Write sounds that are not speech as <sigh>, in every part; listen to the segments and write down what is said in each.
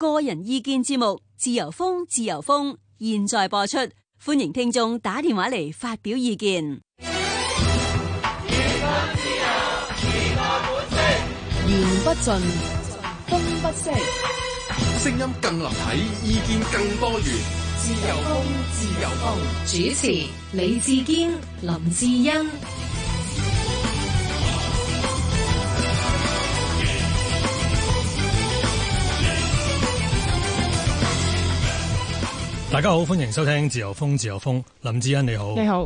個人意見節目《自由風》，自由風現在播出，歡迎聽眾打電話嚟發表意見。自自由自本言不盡，風不息，聲音更立體，意見更多元。自由風，自由風，主持李志堅、林志恩。大家好，歡迎收聽自由風，自由風。林志恩你好，你好。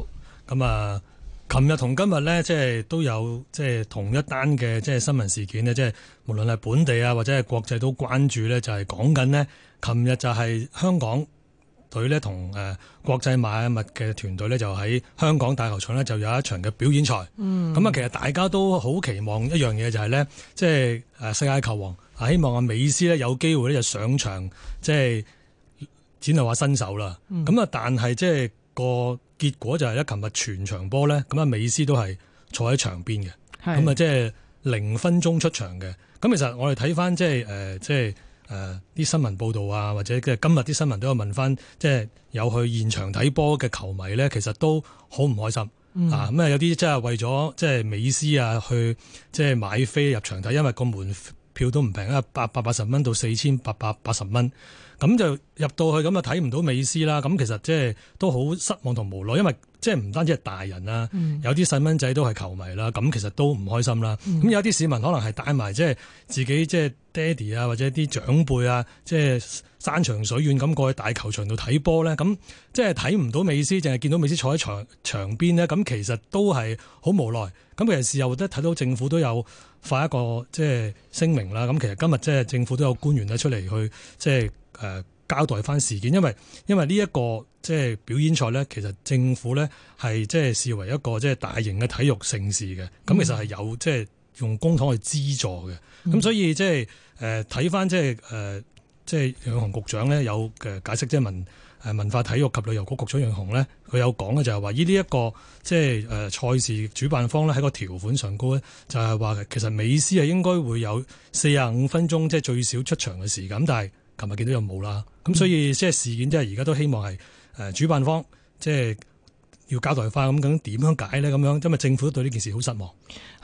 咁、嗯、啊，琴日同今日呢，即係都有即係同一單嘅即係新聞事件呢即係無論係本地啊或者係國際都關注呢就係講緊呢，琴日就係香港隊呢，同誒國際邁阿密嘅團隊呢，就喺香港大球場呢，就有一場嘅表演賽。嗯。咁啊，其實大家都好期望一樣嘢就係呢，即係誒世界球王希望阿美斯呢，有機會呢，就上場，即係。展係話新手啦，咁啊，但係即係個結果就係咧，琴日全場波咧，咁啊，美斯都係坐喺場邊嘅，係，咁啊，即係零分鐘出場嘅。咁其實我哋睇翻即係誒，即係誒啲新聞報道啊，或者今日啲新聞都有問翻，即係有去現場睇波嘅球迷咧，其實都好唔開心啊！咁、嗯、啊，有啲即係為咗即係美斯啊，去即係買飛入場睇，因為個門票都唔平啊，八百八十蚊到四千八百八十蚊。咁就入到去咁啊，睇唔到美斯啦。咁其實即係都好失望同無奈，因為即係唔單止係大人啦、嗯，有啲細蚊仔都係球迷啦。咁其實都唔開心啦。咁、嗯、有啲市民可能係帶埋即係自己即係爹哋啊，或者啲長輩啊，即係山長水遠咁過去大球場度睇波咧。咁即係睇唔到美斯，淨係見到美斯坐喺場場邊咧。咁其實都係好無奈。咁其實又得睇到政府都有發一個即係聲明啦。咁其實今日即係政府都有官員咧出嚟去即係。誒、呃、交代翻事件，因為因為呢一個即係表演賽呢，其實政府呢係即係視為一個即係大型嘅體育盛事嘅。咁、嗯、其實係有即係用公帑去資助嘅。咁、嗯、所以即係誒睇翻即係誒即係楊潤雄局長呢有嘅解釋，即係文誒、呃、文化體育及旅遊局局長楊潤雄呢，佢有講嘅就係話依呢一個即係誒、呃、賽事主辦方呢，喺個條款上高呢，就係、是、話其實美斯係應該會有四十五分鐘即係、就是、最少出場嘅時間，但係，琴日見到又冇啦，咁所以即係事件即係而家都希望係誒主辦方即係要交代翻咁究竟點樣解咧咁樣，因為政府都對呢件事好失望。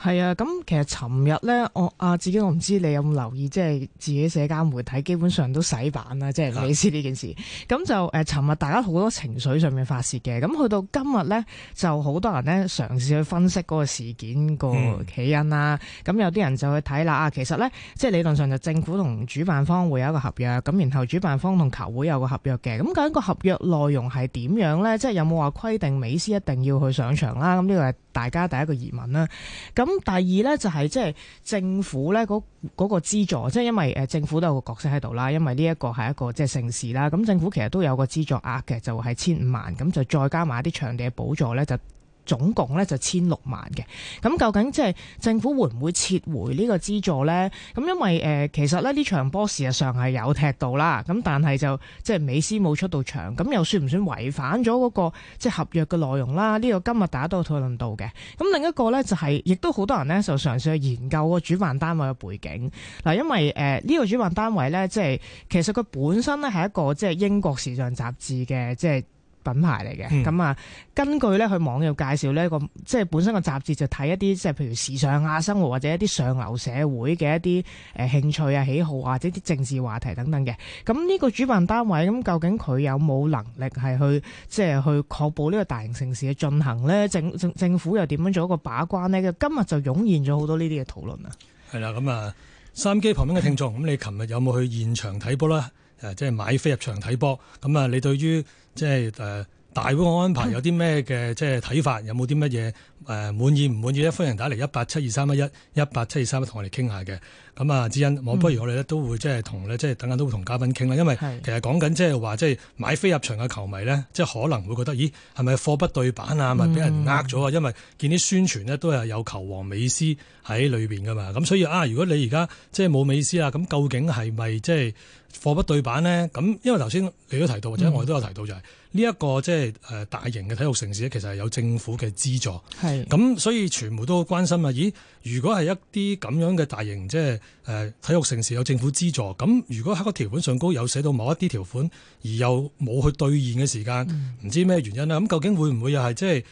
係啊，咁其實尋日呢，我啊自己我唔知你有冇留意，即係自己社交媒體基本上都洗版啦，即係美斯呢件事。咁、啊、就誒，尋、呃、日大家好多情緒上面發泄嘅。咁去到今日呢，就好多人呢，嘗試去分析嗰個事件個起因啦、啊。咁、嗯、有啲人就去睇啦，啊，其實呢，即係理論上就政府同主辦方會有一個合約，咁然後主辦方同球會有一個合約嘅。咁究竟個合約內容係點樣呢？即係有冇話規定美斯一定要去上場啦？咁呢個係。大家第一個疑問啦，咁第二呢，就係即係政府呢，嗰嗰個資助，即係因為誒政府都有個角色喺度啦，因為呢一個係一個即係盛事啦，咁政府其實都有個資助額嘅，就係千五萬，咁就再加埋啲場地嘅補助呢，就。總共咧就千六萬嘅，咁究竟即係政府會唔會撤回呢個資助呢？咁因為、呃、其實咧呢場波事實上係有踢到啦，咁但係就即係美斯冇出到場，咁又算唔算違反咗嗰個即係合約嘅內容啦？呢、呢個今日大家都有討論到嘅。咁另一個呢，就係、係，亦都好多人呢，就嘗試去研究主、呃呢個主辦單位嘅背景。嗱，因為呢個主辦單位呢，即係其實佢本身呢，係一個即係英國時尚雜誌嘅，即係。品牌嚟嘅，咁、嗯、啊，根據咧佢網友介紹呢個即係本身個雜誌就睇一啲即係譬如時尚啊、生活或者一啲上流社會嘅一啲誒興趣啊、喜好啊或者啲政治話題等等嘅。咁呢個主辦單位咁究竟佢有冇能力係去即係、就是、去確保呢個大型城市嘅進行呢？政政政府又點樣做一個把關呢？今日就湧現咗好多呢啲嘅討論啊！係啦，咁啊，收音機旁邊嘅聽眾，咁、嗯、你琴日有冇去現場睇波啦？誒，即係買飛入場睇波咁啊！你對於即係大會嘅安排有啲咩嘅即係睇法？嗯、有冇啲乜嘢誒滿意唔滿意、嗯？歡迎打嚟一八七二三一一一八七二三一同我哋傾下嘅咁啊！志恩、嗯，我不如我哋咧都會即係同咧即係等下都會同嘉賓傾啦，因為其實講緊即係話即係買飛入場嘅球迷咧，即係可能會覺得咦係咪貨不對版啊？咪俾人呃咗啊？因為見啲宣傳咧都係有球王美斯喺裏面噶嘛，咁所以啊，如果你而家即係冇美斯啊，咁究竟係咪即貨不對版呢？咁因為頭先你都提到，或者我都有提到，就係呢一個即係誒大型嘅體育城市其實係有政府嘅資助。係咁，所以傳媒都好關心啊！咦，如果係一啲咁樣嘅大型即係誒體育城市有政府資助，咁如果喺個條款上高有寫到某一啲條款，而又冇去兌現嘅時間，唔、嗯、知咩原因咧？咁究竟會唔會又係即係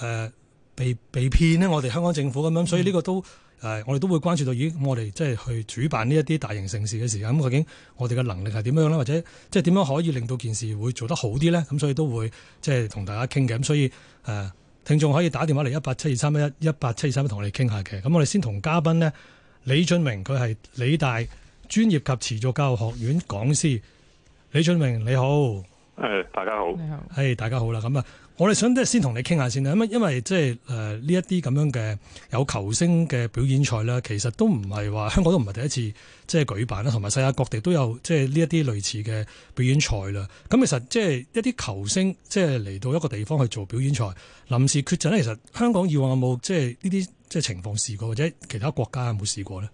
誒被被騙呢？我哋香港政府咁樣，所以呢個都。嗯誒、嗯，我哋都會關注到，咦、嗯？我哋即係去主辦呢一啲大型城市嘅時候，咁、嗯、究竟我哋嘅能力係點樣咧？或者即係點樣可以令到件事會做得好啲呢？咁、嗯、所以都會即係同大家傾嘅。咁、嗯、所以誒、嗯，聽眾可以打電話嚟一八七二三一一一八七二三一，同、嗯、我哋傾下嘅。咁我哋先同嘉賓呢，李峻嶸，佢係理大專業及持續教育學院講師，李峻嶸你好，誒大家好，你、哎、好，係大家好啦，咁、嗯、啊。我哋想都係先同你傾下先啦，咁因為即係誒呢一啲咁樣嘅有球星嘅表演賽啦，其實都唔係話香港都唔係第一次即係舉辦啦，同埋世界各地都有即係呢一啲類似嘅表演賽啦。咁其實即係一啲球星即係嚟到一個地方去做表演賽，臨時缺陣呢，其實香港以往有冇即係呢啲即係情況試過，或者其他國家有冇試過呢？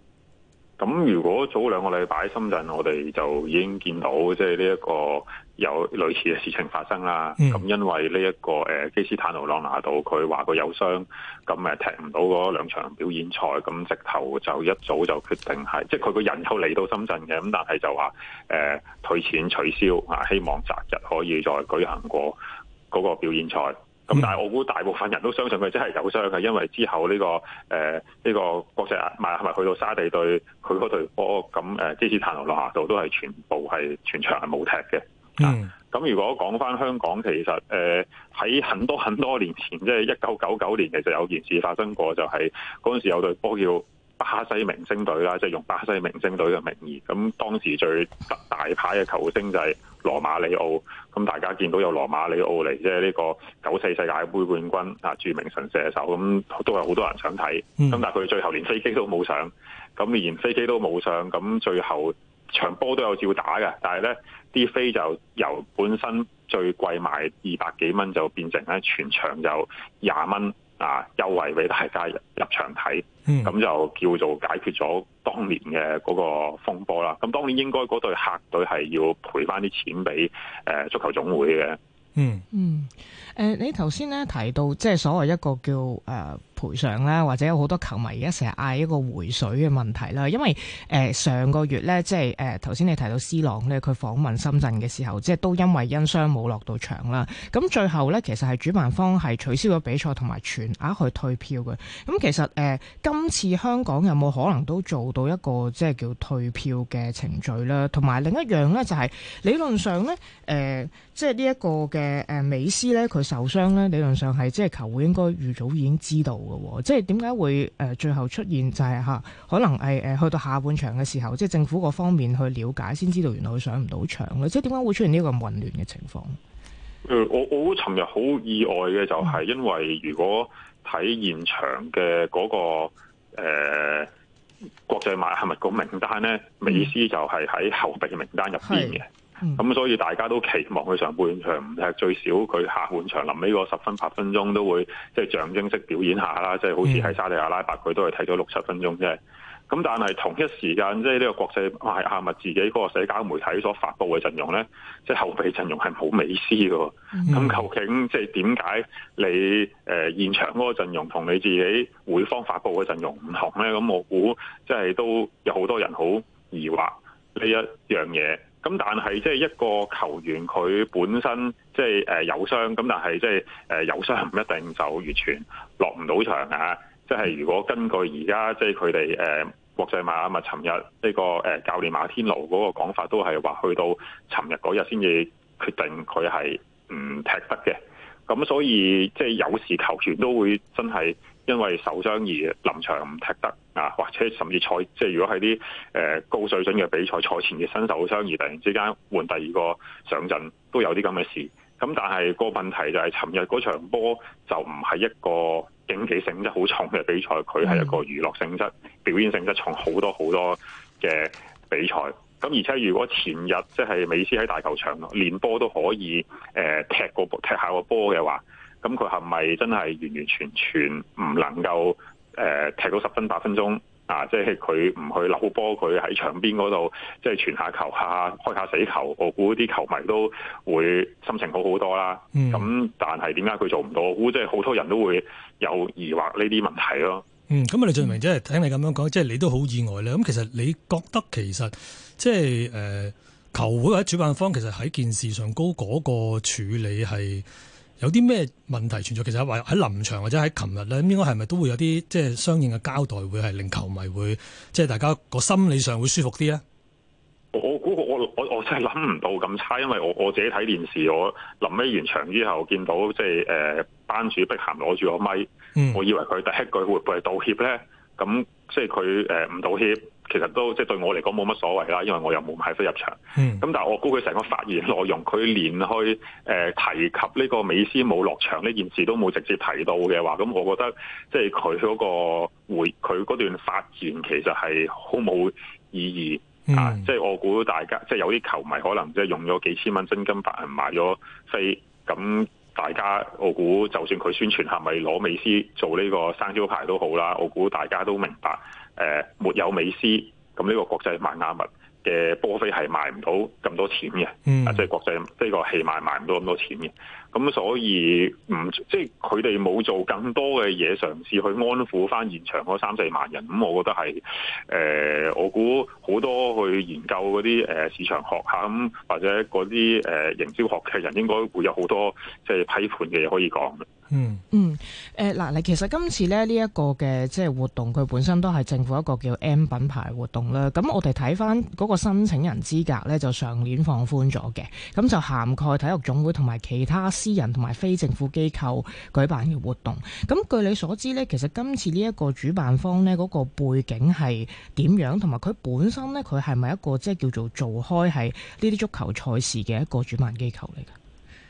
咁如果早兩個禮拜深圳，我哋就已經見到即係呢一個有類似嘅事情發生啦。咁、嗯、因為呢、這、一個誒、呃、基斯坦奴朗拿度，佢話佢有傷，咁誒、嗯、踢唔到嗰兩場表演賽，咁直頭就一早就決定係，即係佢個人又嚟到深圳嘅，咁但係就話誒、呃、退錢取消啊，希望隔日可以再舉行過嗰個表演賽。咁、嗯、但係我估大部分人都相信佢真係有傷嘅，因為之後呢、這個誒呢、呃，這個國際邁阿密去到沙地隊，佢嗰隊波，咁誒基斯坦奴朗拿度都係全部係全場係冇踢嘅。咁、啊、如果講翻香港，其實誒喺、呃、很多很多年前，即係一九九九年，其實有件事發生過，就係嗰陣時有隊波叫巴西明星隊啦，即係用巴西明星隊嘅名義，咁當時最大牌嘅球星就係羅馬里奧，咁大家見到有羅馬里奧嚟，即係呢個九四世界杯冠軍啊，著名神射手，咁都係好多人想睇，咁但係佢最後連飛機都冇上，咁連飛機都冇上，咁最後場波都有照打嘅，但係呢啲飛就由本身最貴賣二百幾蚊，就變成呢全場就廿蚊。啊！優惠俾大家入場睇，咁就叫做解決咗當年嘅嗰個風波啦。咁當然應該嗰對客隊係要賠翻啲錢俾足球總會嘅。嗯嗯，呃、你頭先咧提到，即係所謂一個叫、呃賠償啦，或者有好多球迷而家成日嗌一個回水嘅問題啦，因為誒、呃、上個月呢，即係誒頭先你提到 C 朗呢，佢訪問深圳嘅時候，即係都因為因傷冇落到場啦。咁最後呢，其實係主辦方係取消咗比賽同埋全額去退票嘅。咁其實誒、呃、今次香港有冇可能都做到一個即係叫退票嘅程序咧？同埋另一樣呢，就係、是、理論上呢，誒、呃，即係呢一個嘅誒美斯呢，佢受傷呢，理論上係即係球會應該預早已經知道。即係點解會誒最後出現就係吓，可能係誒去到下半場嘅時候，即係政府嗰方面去了解先知道，原來佢上唔到場咯。即係點解會出現呢個咁混亂嘅情況？誒，我我尋日好意外嘅就係，因為如果睇現場嘅嗰、那個誒、嗯呃、國際邁阿密個名單咧，咪意思就係喺後備名單入邊嘅。咁、 <noise> 嗯、 <noise> 所以大家都期望佢上半場唔踢，最少佢下半場臨尾個十分八分鐘都會即係象徵式表演下啦，即係好似喺沙地阿拉伯佢都係睇咗六十分鐘啫。咁但係同一時間，即係呢個國際邁阿密自己嗰個社交媒體所發布嘅陣容咧，即係後備陣容係冇美斯嘅。咁、嗯、究竟即係點解你誒、呃、現場嗰個陣容同你自己會方發布嘅陣容唔同咧？咁我估即係、就是、都有好多人好疑惑呢一樣嘢。咁但係即係一個球員佢本身即係誒有傷，咁但係即係誒有傷唔一定就完全落唔到場啊！即係如果根據而家即係佢哋誒國際邁阿密嘛，尋日呢個誒教練馬天奴嗰個講法都係話去到尋日嗰日先至決定佢係唔踢得嘅，咁所以即係有時球員都會真係。因為受傷而臨場唔踢得啊，或者甚至賽即係如果喺啲誒高水準嘅比賽，賽前嘅新受傷而突然之間換第二個上陣都有啲咁嘅事。咁但係個問題就係，尋日嗰場波就唔係一個競技性質好重嘅比賽，佢係一個娛樂性質、表演性質重好多好多嘅比賽。咁而且如果前日即係美斯喺大球場連波都可以誒踢個踢下個波嘅話，咁佢係咪真係完完全全唔能夠誒、呃、踢到十分八分鐘啊？即係佢唔去扭波，佢喺場邊嗰度即係傳下球下、下開下死球，我估啲球迷都會心情好好多啦。咁、嗯、但係點解佢做唔到？我估即係好多人都會有疑惑呢啲問題咯。嗯，咁李峻嶸，即係聽你咁樣講，即係你都好意外咧。咁其實你覺得其實即係誒球會或者主辦方，其實喺件事上高嗰個處理係。有啲咩問題存在？其實喺喺臨場或者喺琴日咧，應該係咪都會有啲即係相應嘅交代，會係令球迷會即係大家個心理上會舒服啲咧？我估我我我真係諗唔到咁差，因為我我自己睇電視，我臨尾完場之後見到即係誒班主碧咸攞住個咪、嗯，我以為佢第一句會係道歉咧，咁即係佢誒唔道歉。其實都即係對我嚟講冇乜所謂啦，因為我又冇買飛入場。咁、mm. 但係我估佢成個發言內容，佢連去誒提及呢個美斯冇落場呢件事都冇直接提到嘅話，咁我覺得即係佢嗰個回佢嗰段發言其實係好冇意義啊、mm.！即係我估大家即係有啲球迷可能即係用咗幾千蚊真金白銀買咗飛，咁大家我估就算佢宣傳係咪攞美斯做呢個生招牌都好啦，我估大家都明白。誒、呃、沒有美斯，咁呢個國際邁阿密嘅波飛係賣唔到咁多錢嘅、嗯，啊即係國際呢個氣賣賣唔到咁多錢嘅，咁所以唔即係佢哋冇做更多嘅嘢嘗試去安撫翻現場嗰三四萬人，咁我覺得係誒、呃、我估好多去研究嗰啲、呃、市場學下，咁或者嗰啲誒營銷學嘅人應該會有好多即係批判嘅嘢可以講。嗯嗯，誒、嗯、嗱，你其實今次咧呢一個嘅即係活動，佢本身都係政府一個叫 M 品牌活動啦。咁我哋睇翻嗰個申請人資格咧，就上年放寬咗嘅，咁就涵蓋體育總會同埋其他私人同埋非政府機構舉辦嘅活動。咁據你所知咧，其實今次呢一個主辦方咧嗰個背景係點樣？同埋佢本身咧，佢係咪一個即係叫做做開係呢啲足球賽事嘅一個主辦機構嚟噶？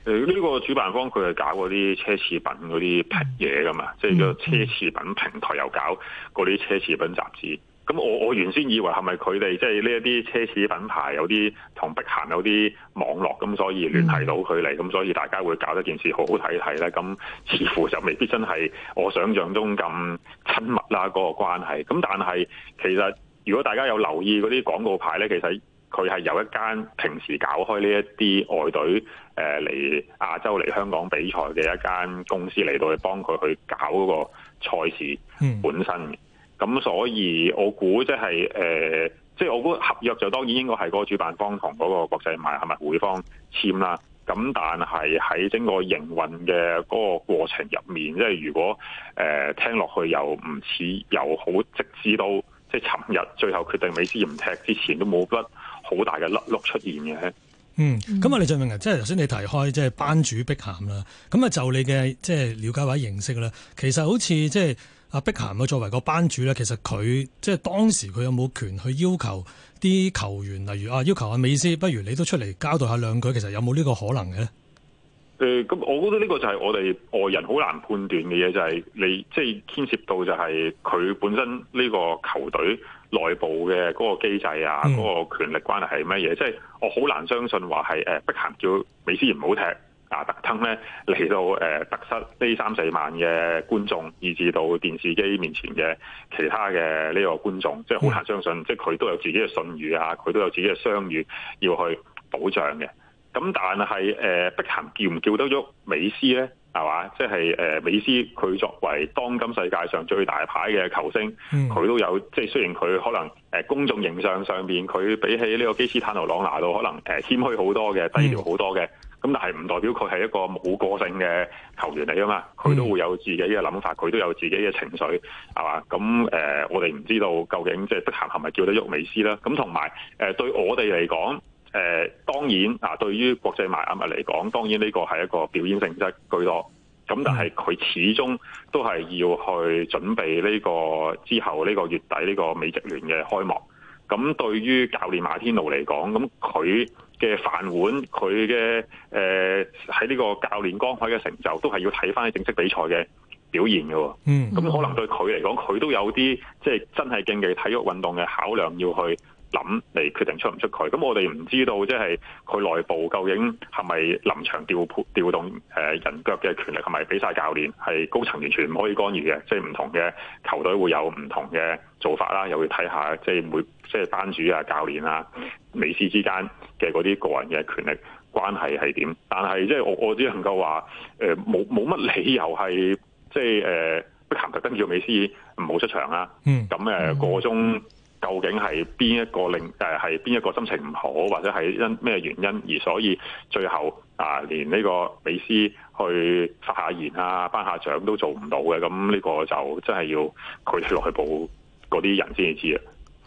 誒、這、呢個主辦方佢係搞嗰啲奢侈品嗰啲嘢噶嘛，即係個奢侈品平台又搞嗰啲奢侈品雜誌。咁我我原先以為係咪佢哋即係呢一啲奢侈品牌有啲同碧咸有啲網絡咁，所以聯繫到佢嚟，咁所以大家會搞得件事好好睇睇咧。咁似乎就未必真係我想象中咁親密啦，嗰個關係。咁但係其實如果大家有留意嗰啲廣告牌咧，其實，佢係有一間平時搞開呢一啲外隊誒嚟、呃、亞洲嚟香港比賽嘅一間公司嚟到去幫佢去搞嗰個賽事本身嘅，咁所以我估即係誒，即、呃、係、就是、我估合約就當然應該係嗰個主辦方同嗰個國際邁阿密會方簽啦。咁但係喺整個營運嘅嗰個過程入面，即、就、係、是、如果誒、呃、聽落去又唔似又好，直至到即係尋日最後決定美斯唔踢之前都冇乜。好大嘅甩碌出現嘅、嗯嗯嗯，嗯，咁啊李峻嶸啊，即係頭先你提開即係班主碧咸啦，咁啊就你嘅即係了解或者認識咧，其實好似即係阿碧咸啊作為個班主咧，其實佢即係當時佢有冇權去要求啲球員，例如啊要求阿美斯，不如你都出嚟交代下兩句，其實有冇呢個可能嘅咧？誒、呃，咁我覺得呢個就係我哋外人好難判斷嘅嘢，就係、是、你即係、就是、牽涉到就係佢本身呢個球隊。內部嘅嗰個機制啊，嗰、那個權力關係係乜嘢？Mm. 即係我好難相信話係誒，碧咸叫美斯唔好踢啊，特登咧嚟到誒，突、呃、失呢三四萬嘅觀眾，以至到電視機面前嘅其他嘅呢個觀眾，即係好難相信。Mm. 即係佢都有自己嘅信譽啊，佢都有自己嘅商譽要去保障嘅。咁但係誒、呃，碧咸叫唔叫得喐美斯咧？係嘛？即係誒，美斯佢作為當今世界上最大牌嘅球星，佢、嗯、都有即係雖然佢可能誒、呃、公眾形象上面，佢比起呢個基斯坦奴朗拿度可能誒謙虛好多嘅低調好多嘅，咁、嗯、但係唔代表佢係一個冇個性嘅球員嚟噶嘛？佢都會有自己嘅諗法，佢都有自己嘅情緒，係嘛？咁、嗯、誒、呃，我哋唔知道究竟即係得閒係咪叫得喐美斯啦？咁同埋誒對我哋嚟講。誒、呃、當然啊，對於國際邁阿密嚟講，當然呢個係一個表演性質居多。咁但係佢始終都係要去準備呢、這個之後呢個月底呢、這個美職聯嘅開幕。咁對於教練馬天奴嚟講，咁佢嘅飯碗、佢嘅誒喺呢個教練崗位嘅成就，都係要睇返正式比賽嘅表現嘅。嗯，咁、嗯、可能對佢嚟講，佢都有啲即係真係競技體育運動嘅考量要去諗嚟決定出唔出佢，咁我哋唔知道即係佢內部究竟係咪臨場調調動誒人腳嘅權力，係咪俾晒教練係高層完全唔可以干預嘅，即係唔同嘅球隊會有唔同嘅做法啦，又會睇下即係、即係、每即係、即係、班主啊、教練啊、美斯之間嘅嗰啲個人嘅權力關係係點。但係即係我我只能夠話誒冇冇乜理由係即係誒不籃特登叫美斯唔好出場啦。嗯，咁誒個中究竟係邊一個令誒係邊一個心情唔好，或者係因咩原因而所以最後啊，連呢個美斯去發下言啊、頒下獎都做唔到嘅，咁呢個就真係要佢哋落去報嗰啲人先至知啊。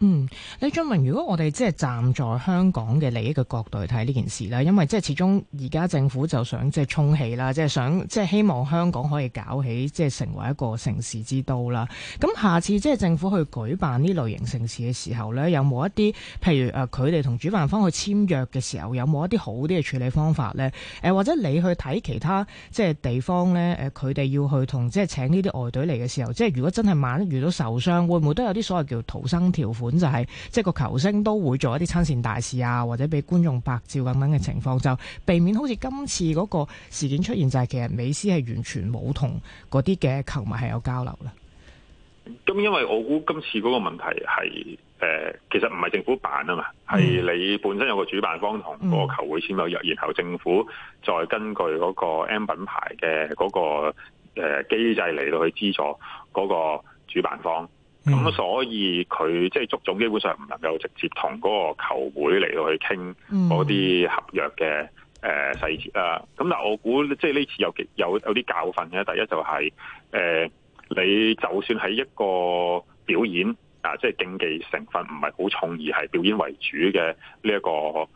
嗯，李峻嶸，如果我哋即係站在香港嘅利益嘅角度去睇呢件事啦，因為即係始終而家政府就想即係充氣啦，即係想即係希望香港可以搞起即係成為一個城市之都啦。咁下次即係政府去舉辦呢類型城市嘅時候呢，有冇一啲譬如誒佢哋同主辦方去簽約嘅時候，有冇一啲好啲嘅處理方法呢？誒、呃，或者你去睇其他即係地方呢，誒，佢哋要去同即係請呢啲外隊嚟嘅時候，即係如果真係萬一遇到受傷，會唔會都有啲所謂叫逃生條款？咁就係即係個球星都會做一啲親善大事啊，或者俾觀眾拍照咁樣嘅情況，就避免好似今次嗰個事件出現，就係、是、其實美斯係完全冇同嗰啲嘅球迷係有交流啦。咁因為我估今次嗰個問題係誒，其實唔係政府辦啊嘛，係、嗯、你本身有個主辦方同個球會簽咗約，然後政府再根據嗰個 M 品牌嘅嗰個誒機制嚟到去資助嗰個主辦方。咁、嗯、所以佢即係足總基本上唔能夠直接同嗰個球會嚟到去傾嗰啲合約嘅誒細節啦。咁、呃嗯、但係我估即係呢次有幾有有啲教訓嘅。第一就係、是、誒、呃，你就算係一個表演啊，即係競技成分唔係好重而係表演為主嘅呢一個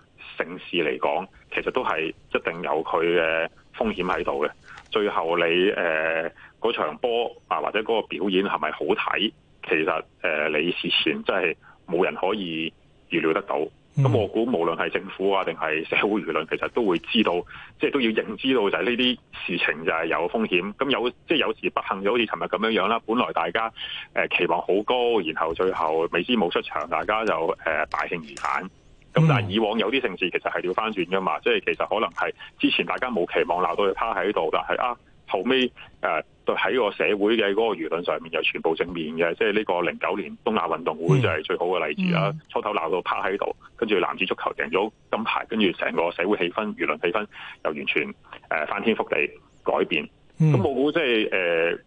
盛事嚟講，其實都係一定有佢嘅風險喺度嘅。最後你，你誒嗰場波啊，或者嗰個表演係咪好睇？其實誒、呃，你事前真係冇人可以預料得到。咁我估無論係政府啊，定係社會輿論，其實都會知道，即係都要認知到就係呢啲事情就係有風險。咁有即係有時不幸就好似尋日咁樣樣啦。本來大家誒、呃、期望好高，然後最後美斯冇出場，大家就誒、呃、大興而返咁、嗯、但係以往有啲盛事其實係調翻轉噶嘛。即係其實可能係之前大家冇期望，鬧到佢趴喺度，但係啊。後尾誒喺個社會嘅嗰個輿論上面就全部正面嘅，即係呢個零九年東亞運動會就係最好嘅例子啦、嗯。初頭鬧到趴喺度，跟住男子足球贏咗金牌，跟住成個社會氣氛、輿論氣氛又完全誒、呃、翻天覆地改變。咁、嗯、我估即係誒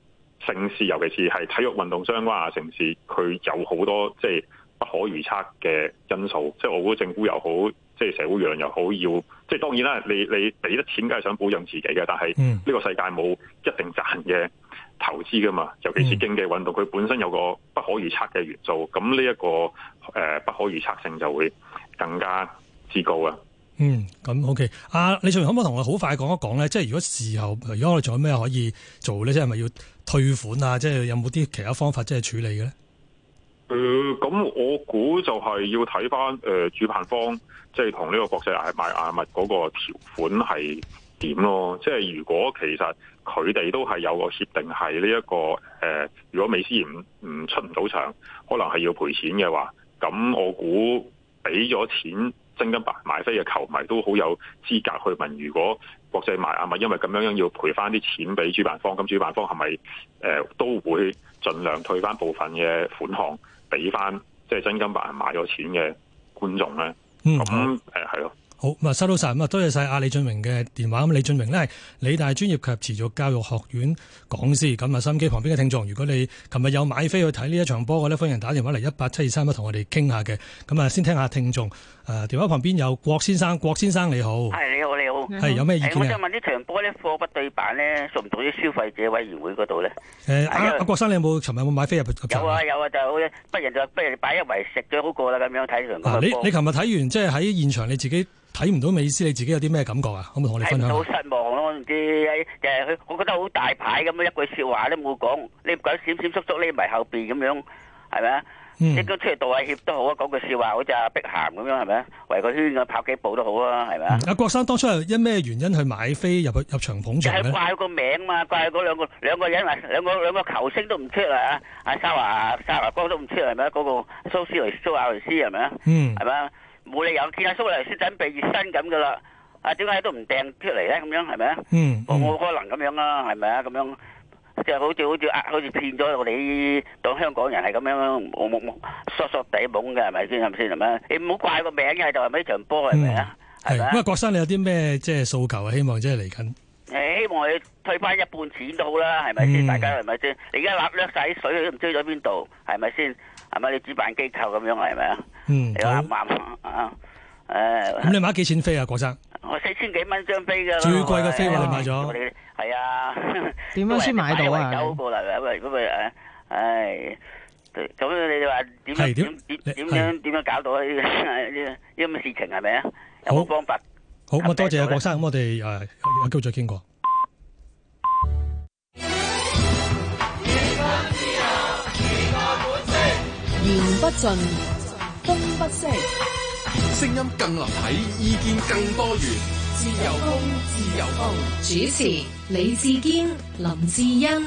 盛事尤其是係體育運動相關啊，盛事，佢有好多即係不可預測嘅因素，即係我估政府又好。即係社會輿論又好，要即係當然啦。你你俾得錢，梗係想保障自己嘅。但係呢個世界冇一定賺嘅投資噶嘛，尤其是競技運動，佢本身有個不可預測嘅元素。咁呢一個誒、呃、不可預測性就會更加之高啊。嗯，咁 OK。阿李峻嶸，可唔可以同我好快講一講咧？即係如果事後，如果我哋仲有咩可以做咧，即係咪要退款啊？即係有冇啲其他方法即係處理嘅咧？誒、嗯、咁，我估就係要睇翻誒主辦方，即係同呢個國際邁阿密嗰個條款係點咯。即、就、係、是、如果其實佢哋都係有個協定係呢一個誒、呃，如果美斯唔唔出唔到場，可能係要賠錢嘅話，咁我估俾咗錢真金白買飛嘅球迷都好有資格去問，如果國際邁阿密因為咁樣要賠翻啲錢俾主辦方，咁主辦方係咪誒都會盡量退翻部分嘅款項？俾翻，即係真金白銀買咗錢嘅觀眾咧，咁誒係咯，好，咁啊收到晒。咁啊，多謝晒阿李峻嶸嘅電話。咁李峻嶸咧，理大專業及持續教育學院講師。咁啊，收音機旁邊嘅聽眾，如果你琴日有買飛去睇呢一場波嘅咧，歡迎打電話嚟一八七二三一，同我哋傾下嘅。咁啊，先聽下聽眾。誒，電話旁邊有郭先生，郭先生你好。係你好，你好。係、mm -hmm. 有咩意見、哎、我想問呢場波咧，貨不對版咧，屬唔屬啲消費者委員會嗰度咧？誒，阿阿郭生，你有冇尋日有冇買飛入去入場啊？有啊有啊，不如就不然就不然擺一圍食咗好過啦，咁樣睇場、啊、你你尋日睇完，即係喺現場你自己睇唔到美斯，你自己有啲咩感覺啊？可唔可以同我哋分享？睇到失望咯，啲誒佢我覺得好大牌咁樣，一句笑話都冇講，你唔敢閃閃縮縮匿埋後邊咁樣係咪啊？嗯，都出嚟道下歉都好啊，講句笑話好似阿碧咸咁樣係咪啊？圍個圈啊，跑幾步都好啊，係咪啊？阿郭生當初係因咩原因去買飛入去入場捧場？係掛個名嘛，怪兩個兩個，個人啊，兩個兩個球星都唔出嚟啊，阿沙華、沙華光都唔出嚟係咪啊？嗰、那個蘇斯雷蘇亞雷斯係咪啊？嗯，係咪啊？冇理由見阿蘇亞雷斯準備熱身咁噶啦，啊點解都唔掟出嚟咧？咁樣係咪啊？嗯，我、嗯、可能咁樣啊，係咪啊？咁樣。就好似好似啊，好似騙咗我哋當香港人係咁樣懵懵懵傻傻地懵嘅係咪先係咪先係咪？你唔好怪個名嘅就係咪一場波係咪啊？係咪？咁啊，郭生你有啲咩即係訴求啊？希望即係嚟緊，係希望佢退翻一半錢都好啦，係咪先？大家係咪先？你而家攬掠曬啲水都唔知咗邊度？係咪先？係咪你主辦機構咁樣啊？係咪啊？嗯。好。啊誒。咁你買幾錢飛啊？郭生？我四千幾蚊張飛㗎。最貴嘅飛你買咗。係啊，點樣先買到啊？走過嚟，喂，如果佢、誒，哎，咁你哋話點點點點樣點樣搞到呢？呢啲咩事情係咪啊？好方法，好，我多謝阿郭生，我哋誒，我哋再傾過。言不盡，風不息，聲音更立體，意見更多元。自由風，自由風。主持李志堅、林志恩。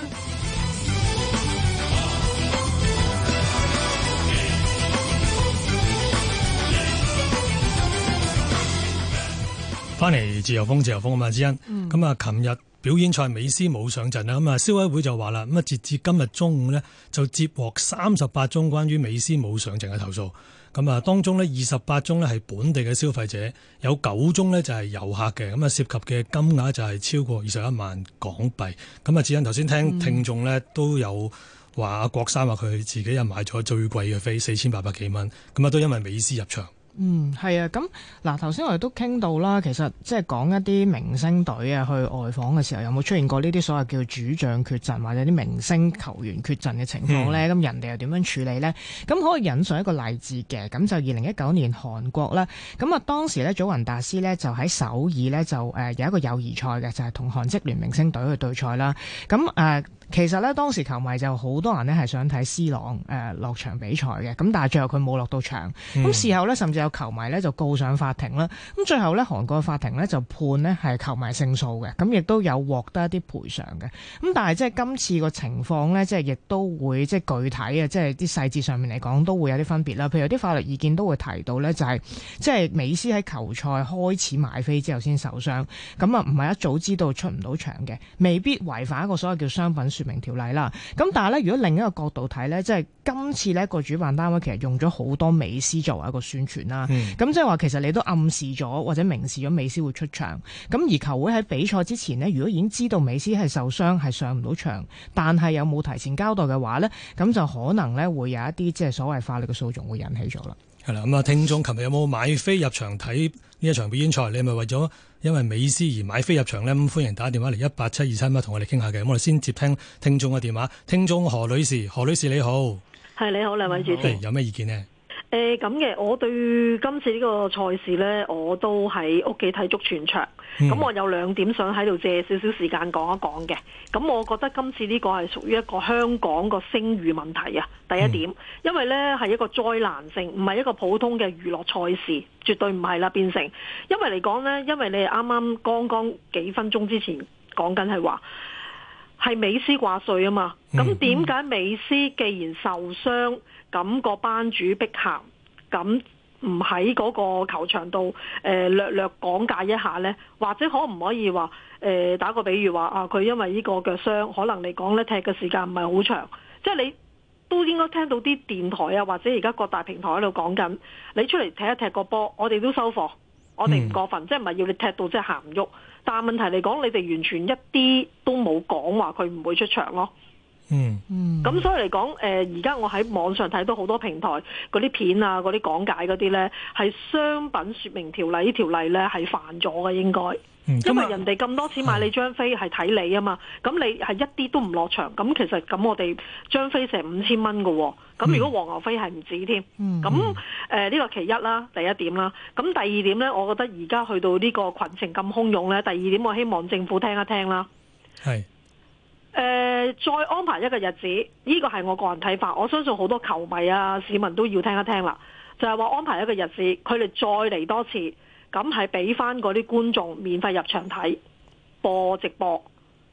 翻、嗯、嚟自由風，自由風啊，志恩。嗯。咁啊，琴日表演賽美斯冇上陣啊。咁啊，消委會就話啦，咁啊，截至今日中午呢，就接獲三十八宗關於美斯冇上陣嘅投訴。咁啊，當中咧二十八宗咧係本地嘅消費者，有九宗咧就係遊客嘅，咁啊涉及嘅金額就係超過二十一萬港幣，咁啊，只因頭先聽聽眾咧都有話阿郭生話佢自己又買咗最貴嘅飛四千八百幾蚊，咁啊都因為美斯入場。嗯，係啊，咁嗱，頭先我哋都傾到啦，其實即係講一啲明星隊啊，去外訪嘅時候，有冇出現過呢啲所謂叫主將缺陣或者啲明星球員缺陣嘅情況呢？咁、嗯、人哋又點樣處理呢？咁可以引上一個例子嘅，咁就二零一九年韓國啦。咁啊當時咧祖雲達斯呢，就喺首爾呢，就誒有一個友誼賽嘅，就係同韓職聯明星隊去對賽啦。咁誒。呃其實咧當時球迷就好多人呢係想睇 C 朗誒、呃、落場比賽嘅，咁但係最後佢冇落到場。咁、嗯、事後呢甚至有球迷呢就告上法庭啦。咁最後呢韓國法庭呢就判呢係球迷勝訴嘅，咁亦都有獲得一啲賠償嘅。咁但係即係今次個情況呢即係亦都會即係具體啊，即係啲細節上面嚟講都會有啲分別啦。譬如有啲法律意見都會提到呢就係、是、即係美斯喺球賽開始買飛之後先受傷，咁啊唔係一早知道出唔到場嘅，未必違反一個所謂叫商品說明條例啦，咁但係咧，如果另一個角度睇咧，即係今次呢個主辦單位其實用咗好多美斯作為一個宣傳啦，咁、嗯、即係話其實你都暗示咗或者明示咗美斯會出場，咁而球會喺比賽之前呢，如果已經知道美斯係受傷係上唔到場，但係有冇提前交代嘅話呢，咁就可能咧會有一啲即係所謂法律嘅訴訟會引起咗啦。係啦，咁啊，聽眾，琴日有冇買飛入場睇呢一場表演賽？你係咪為咗因為美斯而買飛入場呢？咁歡迎打電話嚟一八七二七八，同我哋傾下嘅。咁我哋先接聽聽眾嘅電話。聽眾何女士，何女士你好，係你好，兩位主持，有咩意見呢？誒，咁嘅，我對今次呢個賽事呢，我都喺屋企睇足全場。咁、嗯、我有兩點想喺度借少少時間講一講嘅。咁我覺得今次呢個係屬於一個香港個聲譽問題啊，第一點，嗯、因為呢係一個災難性，唔係一個普通嘅娛樂賽事，絕對唔係啦，變成，因為嚟講呢，因為你啱啱剛剛幾分鐘之前講緊係話，係美斯掛帥啊嘛，咁點解美斯既然受傷？嗯嗯嗯咁、嗰個班主逼行，咁唔喺嗰個球場度、呃、略略講解一下呢？或者可唔可以話、呃、打個比喻話啊？佢因為呢個腳傷，可能嚟講呢踢嘅時間唔係好長，即係你都應該聽到啲電台啊，或者而家各大平台喺度講緊，你出嚟踢一踢個波，我哋都收貨，我哋唔過分，嗯、即係唔係要你踢到即係行唔喐？但問題嚟講，你哋完全一啲都冇講話佢唔會出場咯。嗯，咁、嗯、所以嚟講，誒、呃，而家我喺網上睇到好多平台嗰啲片啊，嗰啲講解嗰啲咧，係商品說明條例，呢條例咧係犯咗嘅，了的應該、嗯，因為人哋咁多錢買你張飛係睇你啊嘛，咁、嗯、你係一啲都唔落場，咁其實咁我哋張飛成五千蚊嘅，咁如果黃牛飛係唔止添。咁誒呢個其一啦，第一點啦，咁第二點咧，我覺得而家去到呢個群情咁洶湧咧，第二點我希望政府聽一聽啦，係。呃、再安排一個日子，呢個係我個人睇法，我相信好多球迷啊、市民都要聽一聽啦。就係話安排一個日子，佢哋再嚟多次，咁係畀翻嗰啲觀眾免費入場睇播直播。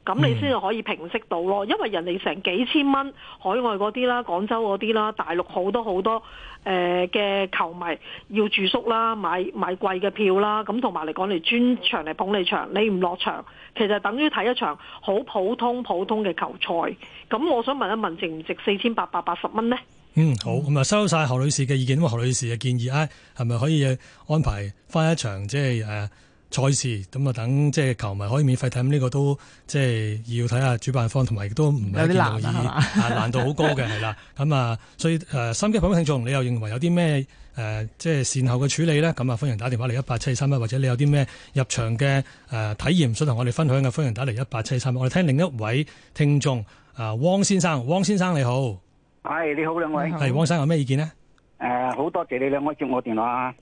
咁、嗯、你先至可以平息到咯，因為人哋成幾千蚊海外嗰啲啦，廣州嗰啲啦，大陸好多好多誒嘅、呃、球迷要住宿啦，買買貴嘅票啦，咁同埋嚟講你專場嚟捧你場，你唔落場，其實等於睇一場好普通普通嘅球賽。咁我想問一問值唔值四千八百八十蚊呢？嗯，好，咁啊收晒何女士嘅意見，何女士嘅建議啊，係咪可以安排翻一場即係誒？呃賽事咁啊，等即係球迷可以免費睇，呢、這個都即係要睇下主辦方，同埋亦都唔係咁容易，難度好高嘅係啦。咁 <laughs> 啊，所以誒，心、呃、急朋友、絲聽眾，你又認為有啲咩誒即係善後嘅處理咧？咁啊，歡迎打電話嚟一八七二三一，或者你有啲咩入場嘅誒、呃、體驗想同我哋分享嘅，歡迎打嚟一八七二三一，我哋聽另一位聽眾啊、呃，汪先生，汪先生，汪先生你好，係你好兩位，係汪生有咩意見呢？誒，好多謝你兩位接我電話。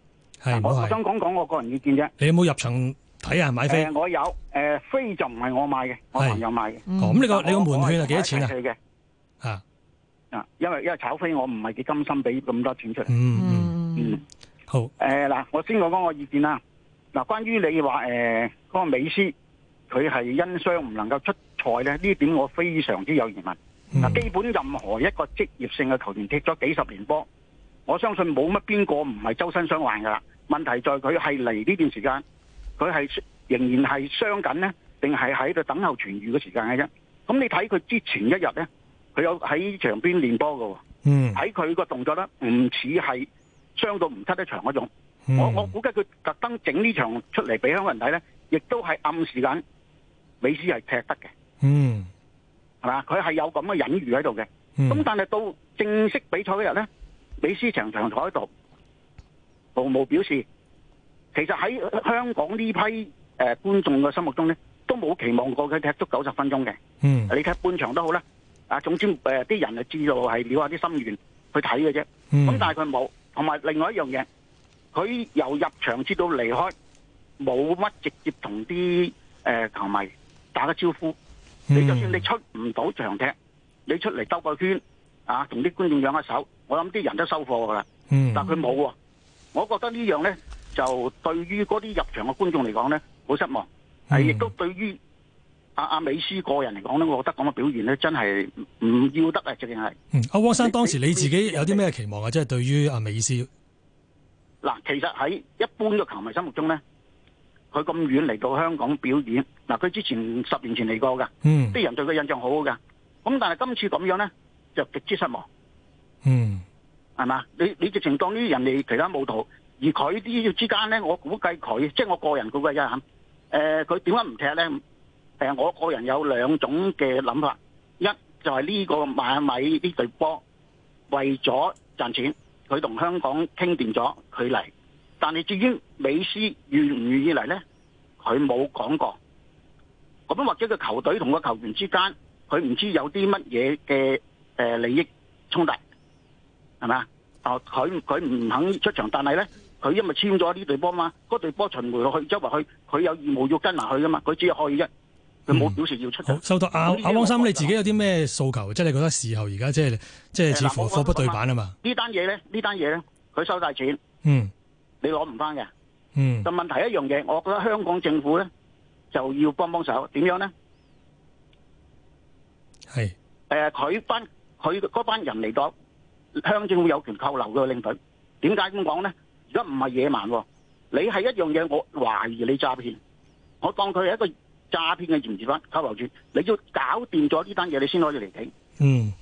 係，我想講講我個人意見啫。你有冇入場睇下、啊、買飛、呃？我有。誒、呃，飛就唔係我買嘅，我朋友買嘅。咁、嗯、你個、嗯、你個門票係幾多錢啊？佢嘅啊啊，因為因為炒飛我唔係幾甘心俾咁多錢出嚟。嗯嗯嗯。好。誒、呃、嗱，我先講講我意見啦。嗱，關於你話誒嗰個美斯，佢係因傷唔能夠出賽咧，呢點我非常之有疑問。嗱、嗯，基本任何一個職業性嘅球員踢咗幾十年波，我相信冇乜邊個唔係周身傷患噶啦。問題在佢係嚟呢段時間，佢係仍然係傷緊呢，定係喺度等候痊愈嘅時間嘅啫。咁你睇佢之前一日呢，佢有喺場邊練波㗎喎。嗯，喺佢個動作呢，唔似係傷到唔出得場嗰種。嗯、我我估計佢特登整呢場出嚟俾香港人睇呢，亦都係暗示緊，美斯係踢得嘅。嗯，係嘛？佢係有咁嘅隱喻喺度嘅。咁但係到正式比賽嗰日呢，美斯長長坐喺度。父母表示，其實喺香港呢批誒、呃、觀眾嘅心目中咧，都冇期望過佢踢足九十分鐘嘅。嗯，你踢半場都好啦。啊，總之誒、啲、呃、人就知道係了下啲心願去睇嘅啫。咁、嗯、但係佢冇，同埋另外一樣嘢，佢由入場至到離開，冇乜直接同啲誒球迷打個招呼。嗯、你就算你出唔到場踢，你出嚟兜個圈啊，同啲觀眾養下手，我諗啲人都收貨噶啦。嗯，但佢冇喎。我覺得呢樣呢，就對於嗰啲入場嘅觀眾嚟講呢，好失望。係亦都對於阿、啊、阿美斯個人嚟講呢，我覺得咁嘅表現呢，真係唔要得啊！直情係阿汪生當時你自己有啲咩期望啊？即、就、係、是、對於阿美斯嗱，其實喺一般嘅球迷心目中呢，佢咁遠嚟到香港表演，嗱佢之前十年前嚟過噶，啲人對佢印象好好噶。咁但係今次咁樣呢，就極之失望。嗯。係嘛？你你直情當呢人哋其他武道，而佢啲之間咧，我估計佢，即係我個人估計啫。誒，佢點解唔踢咧？誒，我個人有兩種嘅諗法，一就係呢個邁阿密呢隊波為咗賺錢，佢同香港傾掂咗佢嚟，但係至於美斯願唔願意嚟咧，佢冇講過。咁或者個球隊同個球員之間，佢唔知有啲乜嘢嘅誒利益衝突。係咪啊？哦，佢佢唔肯出場，但係咧，佢因為簽咗呢隊波嘛，嗰隊波巡回落去周圍去，佢有義務要跟埋去噶嘛，佢只要可以一，佢冇表示要出場。嗯。收到。阿阿王生你自己有啲咩訴求？即、啊、係你覺得事後而家即係即係似乎貨不對版啊嘛？啊，呢單嘢咧，呢單嘢咧，佢收晒錢，嗯，你攞唔翻嘅。嗯。但問題一樣嘢，我覺得香港政府咧就要幫幫手，點樣咧？係誒，佢、呃、班佢嗰班人嚟講。鄉政府有權扣留個領隊，點解咁講咧？而家唔係野蠻喎，你係一樣嘢，我懷疑你詐騙，我當佢係一個詐騙嘅嫌疑犯，扣留住，你要搞掂咗呢單嘢，你先可以離境。嗯，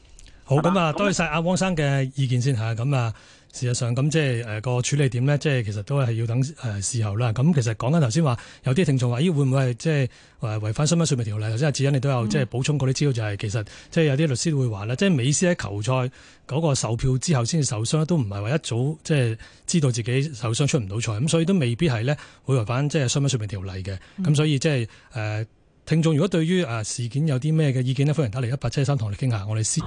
好，咁啊，多謝晒阿汪生嘅意見先吓，咁啊。事實上，咁即係誒個處理點呢，即係其實都係要等誒、呃、事後啦。咁其實講緊頭先話，有啲聽眾話，咦、欸、會唔會係即係違反新聞説明條例？頭先阿子欣你都有即係、就是、補充過啲資料、就是，就係其實即係有啲律師都會話咧，即、就、係、是、美斯喺球賽嗰、那個售票之後先至受傷，都唔係話一早即係、就是、知道自己受傷出唔到賽，咁所以都未必係呢會違反即係新聞説明條例嘅。咁、嗯、所以即係誒聽眾，如果對於誒、啊、事件有啲咩嘅意見呢，歡迎打嚟一八七三同我哋傾下，我哋先。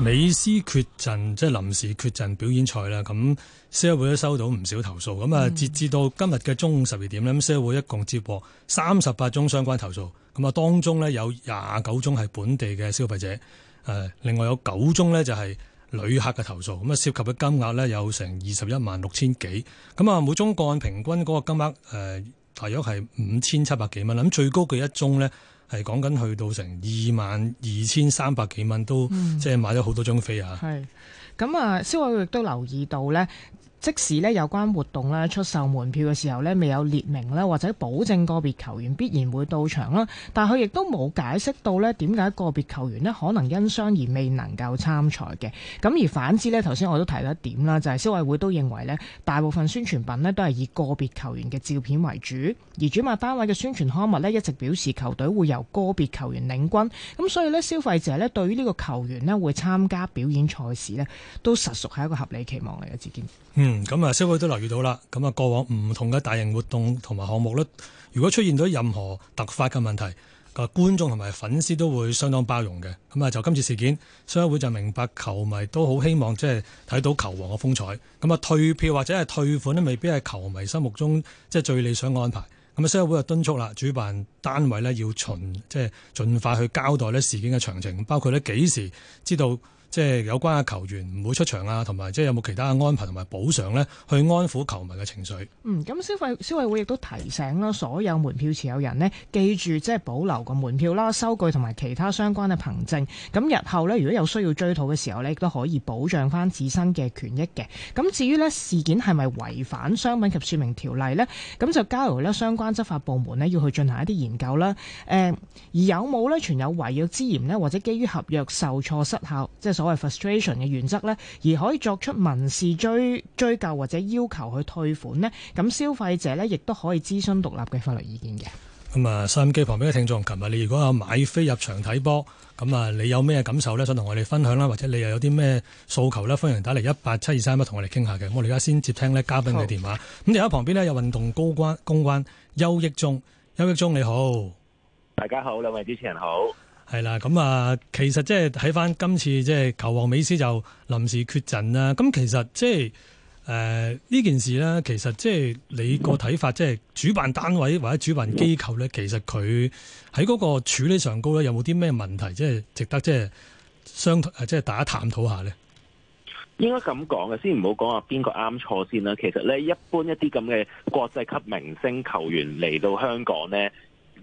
美斯缺陣，即係臨時缺陣表演賽啦。咁，消委會都收到唔少投訴。咁、嗯、啊，截至到今日嘅中午十二點呢，咁消委會一共接獲三十八宗相關投訴。咁啊，當中呢有廿九宗係本地嘅消費者，誒，另外有九宗呢就係旅客嘅投訴。咁啊，涉及嘅金額呢有成二十一萬六千幾。咁啊，每宗個案平均嗰個金額誒，大約係五千七百幾蚊。咁最高嘅一宗呢，係講緊去到成二萬二千三百幾蚊都，即係買咗好多張飛啊！咁、嗯、啊，肖偉亦都留意到咧。即使咧有關活動咧出售門票嘅時候咧未有列明咧或者保證個別球員必然會到場啦，但係佢亦都冇解釋到咧點解個別球員咧可能因傷而未能夠參賽嘅。咁而反之咧，頭先我都提到一點啦，就係、是、消委會都認為咧大部分宣傳品咧都係以個別球員嘅照片為主，而主辦單位嘅宣傳刊物咧一直表示球隊會由個別球員領軍，咁所以咧消費者咧對於呢個球員咧會參加表演賽事咧都實屬係一個合理期望嚟嘅，自見。嗯，咁啊，消會都留意到啦。咁啊，過往唔同嘅大型活動同埋項目呢，如果出現咗任何突發嘅問題，個觀眾同埋粉絲都會相當包容嘅。咁啊，就今次事件，消會就明白球迷都好希望即係睇到球王嘅風采。咁啊，退票或者係退款呢未必係球迷心目中即係最理想嘅安排。咁啊，消會就敦促啦，主辦單位呢要盡即係盡快去交代呢事件嘅詳情，包括呢幾時知道。即係有關嘅球員唔會出場啊，同埋即係有冇其他嘅安排同埋補償呢？去安撫球迷嘅情緒。嗯，咁消費消委會亦都提醒啦，所有門票持有人呢記住即係保留個門票啦、收據同埋其他相關嘅憑證。咁日後呢，如果有需要追討嘅時候呢，亦都可以保障翻自身嘅權益嘅。咁至於呢事件係咪違反商品及説明條例呢？咁就交由呢相關執法部門呢，要去進行一啲研究啦。誒、嗯，而有冇呢？存有違約之嫌呢？或者基於合約受挫失效，即係。所謂 frustration 嘅原則咧，而可以作出民事追追究或者要求去退款咧，咁消費者咧亦都可以諮詢獨立嘅法律意見嘅。咁、嗯、啊，收音機旁邊嘅聽眾，琴日你如果有買飛入場睇波，咁、嗯、啊，你有咩感受咧？想同我哋分享啦，或者你又有啲咩訴求咧？歡迎打嚟一八七二三一，同我哋傾下嘅。我哋而家先接聽咧，嘉賓嘅電話。咁而家旁邊咧有運動高關公關邱益忠，邱益忠，你好，大家好，兩位主持人好。係啦，咁啊，其實即係睇翻今次即係球王美斯就臨時缺陣啦。咁其實即係誒呢件事呢，其實即係你個睇法，即係主辦單位或者主辦機構呢，其實佢喺嗰個處理上高呢，有冇啲咩問題，即係值得即係商即係大家探討下呢？應該咁講嘅，先唔好講話邊個啱錯先啦。其實呢，一般一啲咁嘅國際級明星球員嚟到香港呢。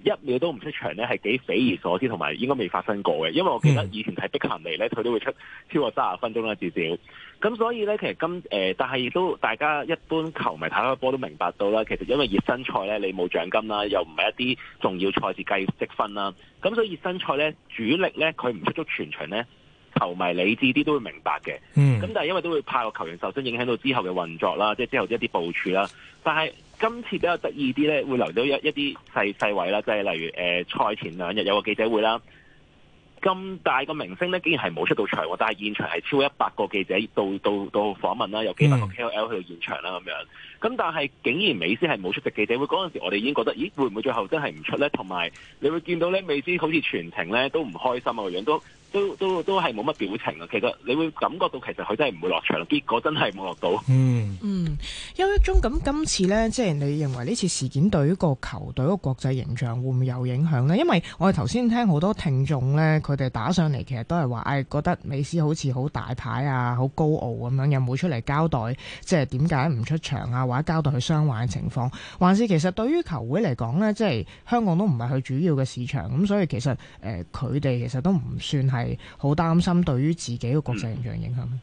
一秒都唔出場呢，係幾匪夷所思，同埋應該未發生過嘅。因為我記得以前睇碧咸尼呢，佢都會出超過三十分鐘啦，至少。咁所以呢，其實今誒、呃，但係亦都大家一般球迷睇開波都明白到啦。其實因為熱身賽呢，你冇獎金啦，又唔係一啲重要賽事計積分啦。咁所以熱身賽呢，主力呢，佢唔出足全場呢。球迷理智啲都會明白嘅，咁、嗯、但係因為都會怕個球員受傷影響到之後嘅運作啦，即、就、係、是、之後一啲部署啦。但係今次比較得意啲呢，會留到一一啲細細位啦，即、就、係、是、例如誒賽、呃、前兩日有個記者會啦，咁大個明星呢，竟然係冇出到場喎，但係現場係超過一百個記者到、嗯、到到訪問啦，有幾百個 K O L 去到現場啦咁樣。咁但係竟然美斯係冇出席記者會，嗰陣時我哋已經覺得，咦會唔會最後真係唔出呢？同埋你會見到呢美斯好似全程呢都唔開心啊個樣都，都都都係冇乜表情啊！其實你會感覺到其實佢真係唔會落場，結果真係冇落到。嗯嗯，有一種咁今次咧，即係你認為呢次事件對於個球隊個國際形象會唔會有影響咧？因為我哋頭先聽好多聽眾咧，佢哋打上嚟其實都係話，誒覺得美斯好似好大牌啊，好高傲咁樣，又冇出嚟交代，即係點解唔出場啊？或者交代佢傷患嘅情況、嗯，還是其實對於球會嚟講咧，即係香港都唔係佢主要嘅市場，咁所以其實誒佢哋其實都唔算係。好擔心對於自己個國際形象影響，嗯。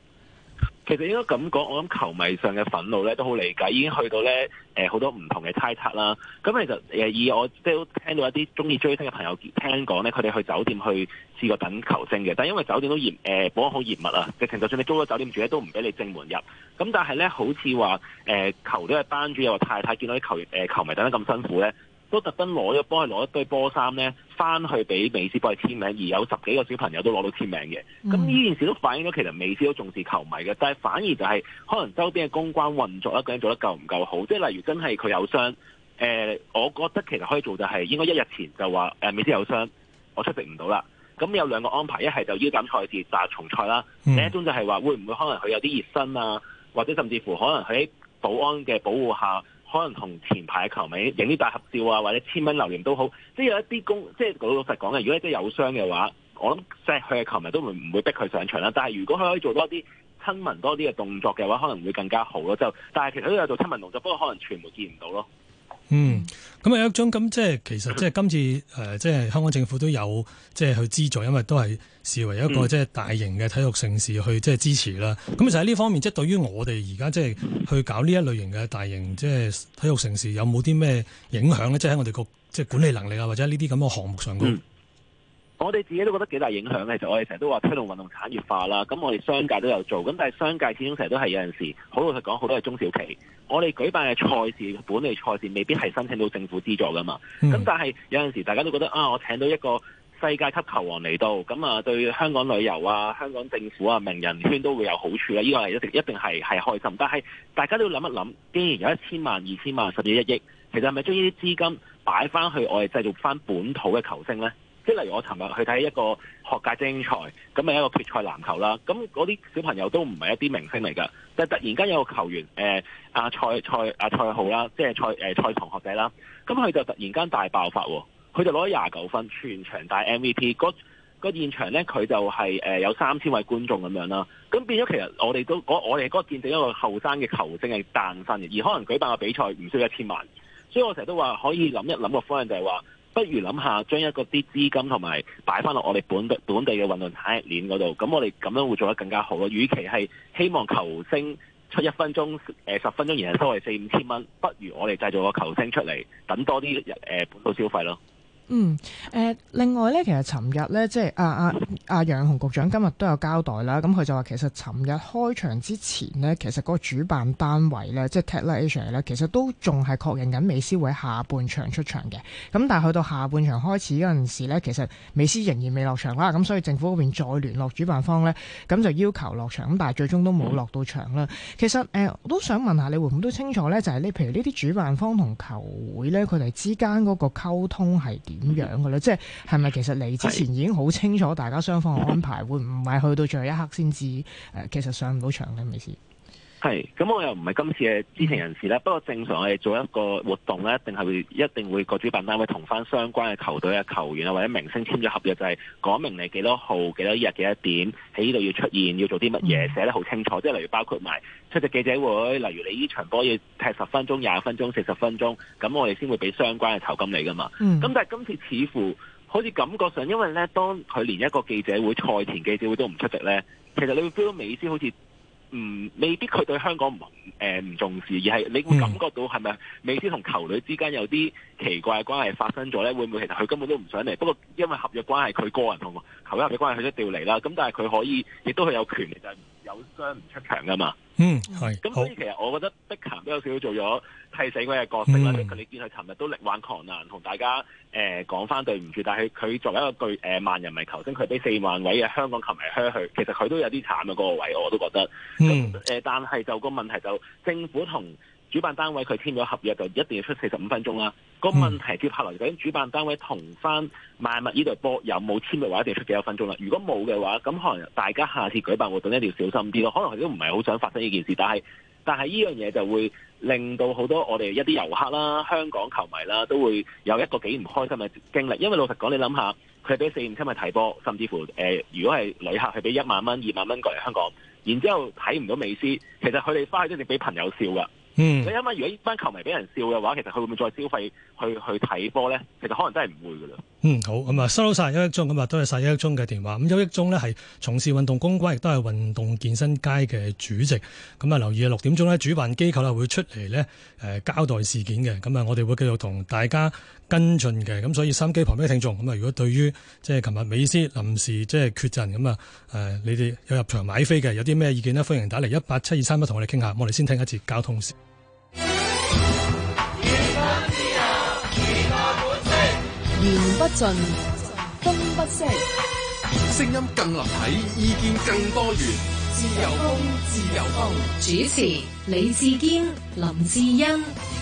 其實應該咁講，我諗球迷上嘅憤怒咧都好理解，已經去到咧誒好多唔同嘅猜測啦。咁其實誒以我即都聽到一啲中意追星嘅朋友聽講咧，佢哋去酒店去試過等球星嘅，但係因為酒店都嚴誒、呃、保安好嚴密啊，直情就算你租咗酒店住咧，都唔俾你正門入。咁但係咧，好似話誒，球隊嘅班主又話太太見到啲球誒、呃、球迷等得咁辛苦咧。都特登攞咗幫佢攞一堆波衫咧，翻去俾美斯幫佢簽名，而有十幾個小朋友都攞到簽名嘅。咁、mm. 呢件事都反映咗其實美斯都重視球迷嘅，但係反而就係、是、可能周邊嘅公關運作咧，究竟做得夠唔夠好？即係例如真係佢有傷，誒、呃，我覺得其實可以做就係應該一日前就話、呃、美斯有傷，我出席唔到啦。咁有兩個安排，一係就腰斬賽事，就重賽啦。另、mm. 一種就係話會唔會可能佢有啲熱身啊，或者甚至乎可能佢喺保安嘅保護下。可能同前排嘅球迷影啲大合照啊，或者簽名留言都好，即係有一啲公，即係老實講嘅。如果真係有傷嘅話，我諗即係佢嘅球迷都唔會逼佢上場啦。但係如果佢可以做多啲親民多啲嘅動作嘅話，可能會更加好咯。就但係其實都有做親民動作，不過可能傳媒見唔到咯。嗯，咁啊有一種咁，即係其實即係今次誒，即係香港政府都有即係去資助，因為都係視為一個即係大型嘅體育城市去即係支持啦。咁其實喺呢方面，即係對於我哋而家即係去搞呢一類型嘅大型即係體育城市，有冇啲咩影響咧？即係喺我哋個即係管理能力啊，或者呢啲咁嘅項目上我哋自己都覺得幾大影響咧，就是、我哋成日都話推動運動產業化啦。咁我哋商界都有做，咁但係商界始終成日都係有陣時，好老實講，好多係中小企。我哋舉辦嘅賽事，本地賽事未必係申請到政府資助噶嘛。咁但係有陣時，大家都覺得啊，我請到一個世界級球王嚟到，咁啊，對香港旅遊啊、香港政府啊、名人圈都會有好處咧。依、呢個一一定係係開心，但係大家都要諗一諗，既然有一千萬、二千萬、甚至一億，其實係咪將呢啲資金擺翻去我哋製造翻本土嘅球星呢？即係例如我尋日去睇一個學界精英賽咁，係一個決賽籃球啦。咁嗰啲小朋友都唔係一啲明星嚟噶，但係突然間有個球員，誒、呃、阿蔡蔡阿蔡，蔡浩啦，即係蔡蔡同學仔啦。咁佢就突然間大爆發，佢就攞咗廿九分，全場帶 MVP。嗰個現場咧，佢就係、是、誒、呃、有三千位觀眾咁樣啦。咁變咗其實我哋都我哋嗰個見證一個後生嘅球星係誕生嘅，而可能舉辦個比賽唔需要一千萬。所以我成日都話可以諗一諗個方向，就係話。不如諗下將一個啲資金同埋擺翻落我哋本本地嘅運動產業鏈嗰度，咁我哋咁樣會做得更加好咯。與其係希望球星出一分鐘，十分鐘而係收圍四五千蚊，不如我哋製造個球星出嚟，等多啲本土消費咯。嗯，誒、呃、另外咧，其實尋日咧，即係阿阿阿楊潤雄局長今日都有交代啦。咁、嗯、佢就話其實尋日開場之前呢，其實嗰個主辦單位咧，即係 Tatler Asia 咧，其實都仲係確認緊美斯會喺下半場出場嘅。咁但係去到下半場開始嗰陣時呢，其實美斯仍然未落場啦。咁所以政府嗰邊再聯絡主辦方呢，咁就要求落場，咁但係最終都冇落到場啦。其實誒、呃，我都想問下你，會唔會都清楚呢？就係、是、你譬如呢啲主辦方同球會呢，佢哋之間嗰個溝通係點？噉樣嘅喇，即係係咪其實嚟之前已經好清楚，大家雙方嘅安排會唔係去到最後一刻先至？誒、呃，其實上唔到場嘅意思。係，咁我又唔係今次嘅知情人士啦。不過正常我哋做一個活動咧，一定係會一定會個主辦單位同翻相關嘅球隊啊、球員啊或者明星簽咗合約，就係、是、講明你幾多號、幾多日、幾多點喺呢度要出現，要做啲乜嘢，寫得好清楚。即係例如包括埋出席記者會，例如你呢場波要踢十分鐘、廿分鐘、四十分鐘，咁我哋先會俾相關嘅酬金你噶嘛。咁、嗯、但係今次似乎好似感覺上，因為咧當佢連一個記者會、賽前記者會都唔出席咧，其實你會 feel 到美斯好似。唔、嗯、未必佢對香港唔誒唔重視，而係你會感覺到係咪美斯同球隊之間有啲奇怪嘅關係發生咗咧，會唔會其實佢根本都唔想嚟？不過因為合約關係，佢個人同球隊合約關係，佢都調嚟啦。咁但係佢可以，亦都佢有權利就係有傷唔出場㗎嘛。嗯，係。咁所以其實我覺得碧咸都有少少做咗替死鬼嘅角色啦。碧咸，你見佢尋日都力挽狂瀾，同大家誒講返對唔住，但係佢作為一個巨誒、呃、萬人迷球星，佢俾四萬位嘅香港球迷噓佢，其實佢都有啲慘嘅嗰、嗰個位，我都覺得。咁、呃、但係就個問題就政府同主辦單位佢簽咗合約就一定要出四十五分鐘啦。個、嗯、問題接下來究竟主辦單位同翻賣物呢隊波有冇簽嘅話，一定要出幾多分鐘啦？如果冇嘅話，咁可能大家下次舉辦活動一定要小心啲咯。可能佢都唔係好想發生呢件事，但係但係呢樣嘢就會令到好多我哋一啲遊客啦、香港球迷啦，都會有一個幾唔開心嘅經歷。因為老實講，你諗下，佢俾四五七去睇波，甚至乎、呃、如果係旅客係俾一萬蚊、二萬蚊過嚟香港，然之後睇唔到美斯，其實佢哋翻去都係俾朋友笑噶。嗯，咁因為如果呢班球迷俾人笑嘅話，其實佢會唔會再消費去去睇波咧？其實可能真係唔會噶啦。嗯，好，咁啊，收到晒邱益忠，咁啊，多謝晒邱益忠嘅電話。咁邱益忠呢，係從事運動公關，亦都係運動健身界嘅主席。咁啊，留意啊六點鐘呢，主辦機構呢會出嚟呢誒交代事件嘅。咁啊，我哋會繼續同大家跟進嘅，咁所以收音機旁邊嘅聽眾，咁啊，如果對於即係琴日美斯臨時即係缺陣，咁啊，誒，你哋有入場買飛嘅，有啲咩意見呢？歡迎打嚟一八七二三一，同我哋傾下。我哋先聽一節交通事。言不盡，風不息，聲音更立體，意見更多元。自由風，自由風。主持李志堅、林志恩。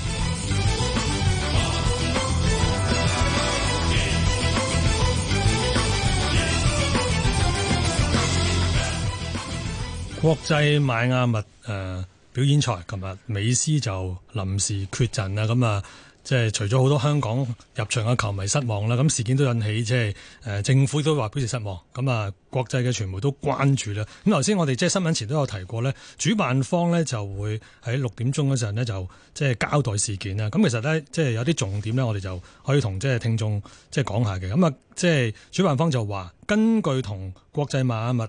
國際邁阿密誒表演賽，琴日美斯就臨時缺陣啦，咁啊，即、啊、係、就是、除咗好多香港入場嘅球迷失望啦，咁、啊、事件都引起即係誒政府都話表示失望，咁啊國際嘅傳媒都關注啦。咁頭先我哋即係新聞前都有提過咧，主辦方咧就會喺六點鐘嗰陣呢就即係交代事件啦。咁、啊、其實咧即係有啲重點咧，我哋就可以同即係聽眾即係講下嘅。咁啊即係、就是、主辦方就話，根據同國際邁阿密誒。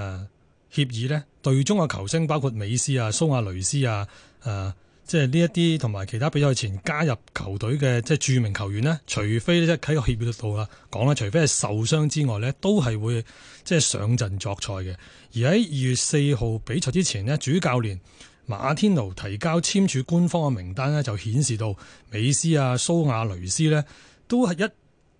啊協議呢，隊中嘅球星包括美斯啊、蘇亞雷斯啊，誒，即係呢一啲同埋其他比賽前加入球隊嘅即係著名球員呢，除非即係喺個協議度啦講啦，除非係受傷之外呢，都係會即係上陣作賽嘅。而喺二月四號比賽之前呢，主教練馬天奴提交簽署官方嘅名單呢，就顯示到美斯啊、蘇亞雷斯呢，都係一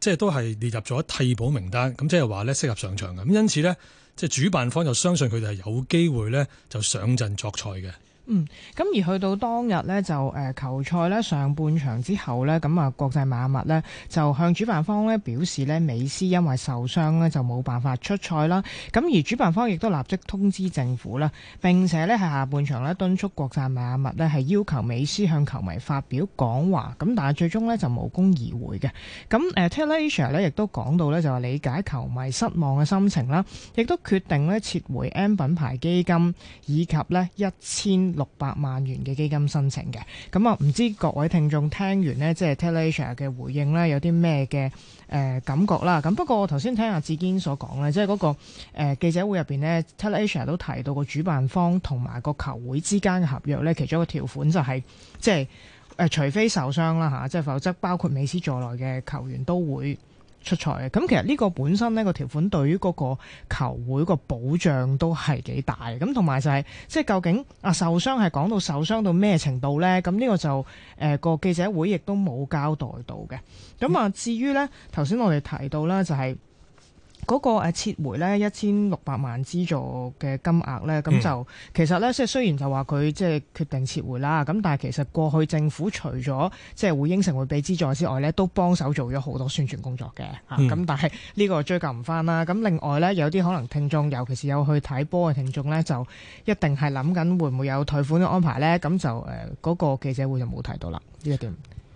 即係都係列入咗替補名單，咁即係話呢適合上場嘅。咁因此呢。即係主辦方就相信佢哋係有機會咧，就上陣作賽嘅。嗯，咁而去到當日咧，就誒、呃、球賽咧上半場之後咧，咁啊國際邁阿密咧就向主辦方咧表示咧，美斯因為受傷咧就冇辦法出賽啦。咁而主辦方亦都立即通知政府啦，並且咧係下半場咧敦促國際邁阿密咧係要求美斯向球迷發表講話，咁但係最終咧就無功而回嘅。咁誒 Tatler Asia 咧亦都講到咧就話理解球迷失望嘅心情啦，亦都決定咧撤回 M 品牌基金以及咧一千。六百萬元嘅基金申請嘅，咁啊唔知各位聽眾聽完呢，即係 Talisha 嘅回應呢，有啲咩嘅誒感覺啦？咁不過我頭先聽阿志堅所講呢，即係嗰、那個誒、呃、記者會入邊呢，Talisha 都提到個主辦方同埋個球會之間嘅合約呢，其中一個條款就係、是、即係誒、呃，除非受傷啦嚇、啊，即係否則包括美斯在內嘅球員都會。出賽嘅，咁，其實呢個本身呢個條款對於嗰個球會個保障都係幾大嘅，咁同埋就係、是、即係究竟啊受傷係講到受傷到咩程度呢？咁呢個就誒、呃個記者會亦都冇交代到嘅。咁啊，至於呢頭先我哋提到咧就係、是。嗰、那個撤回呢一千六百萬資助嘅金額呢，咁就、嗯、其實呢，即雖然就話佢即係決定撤回啦，咁但係其實過去政府除咗即係會應承會俾資助之外呢，都幫手做咗好多宣傳工作嘅咁、嗯啊、但係呢個追究唔翻啦。咁另外呢，有啲可能聽眾，尤其是有去睇波嘅聽眾呢，就一定係諗緊會唔會有退款嘅安排呢。咁就嗰、呃那個記者會就冇提到啦。一點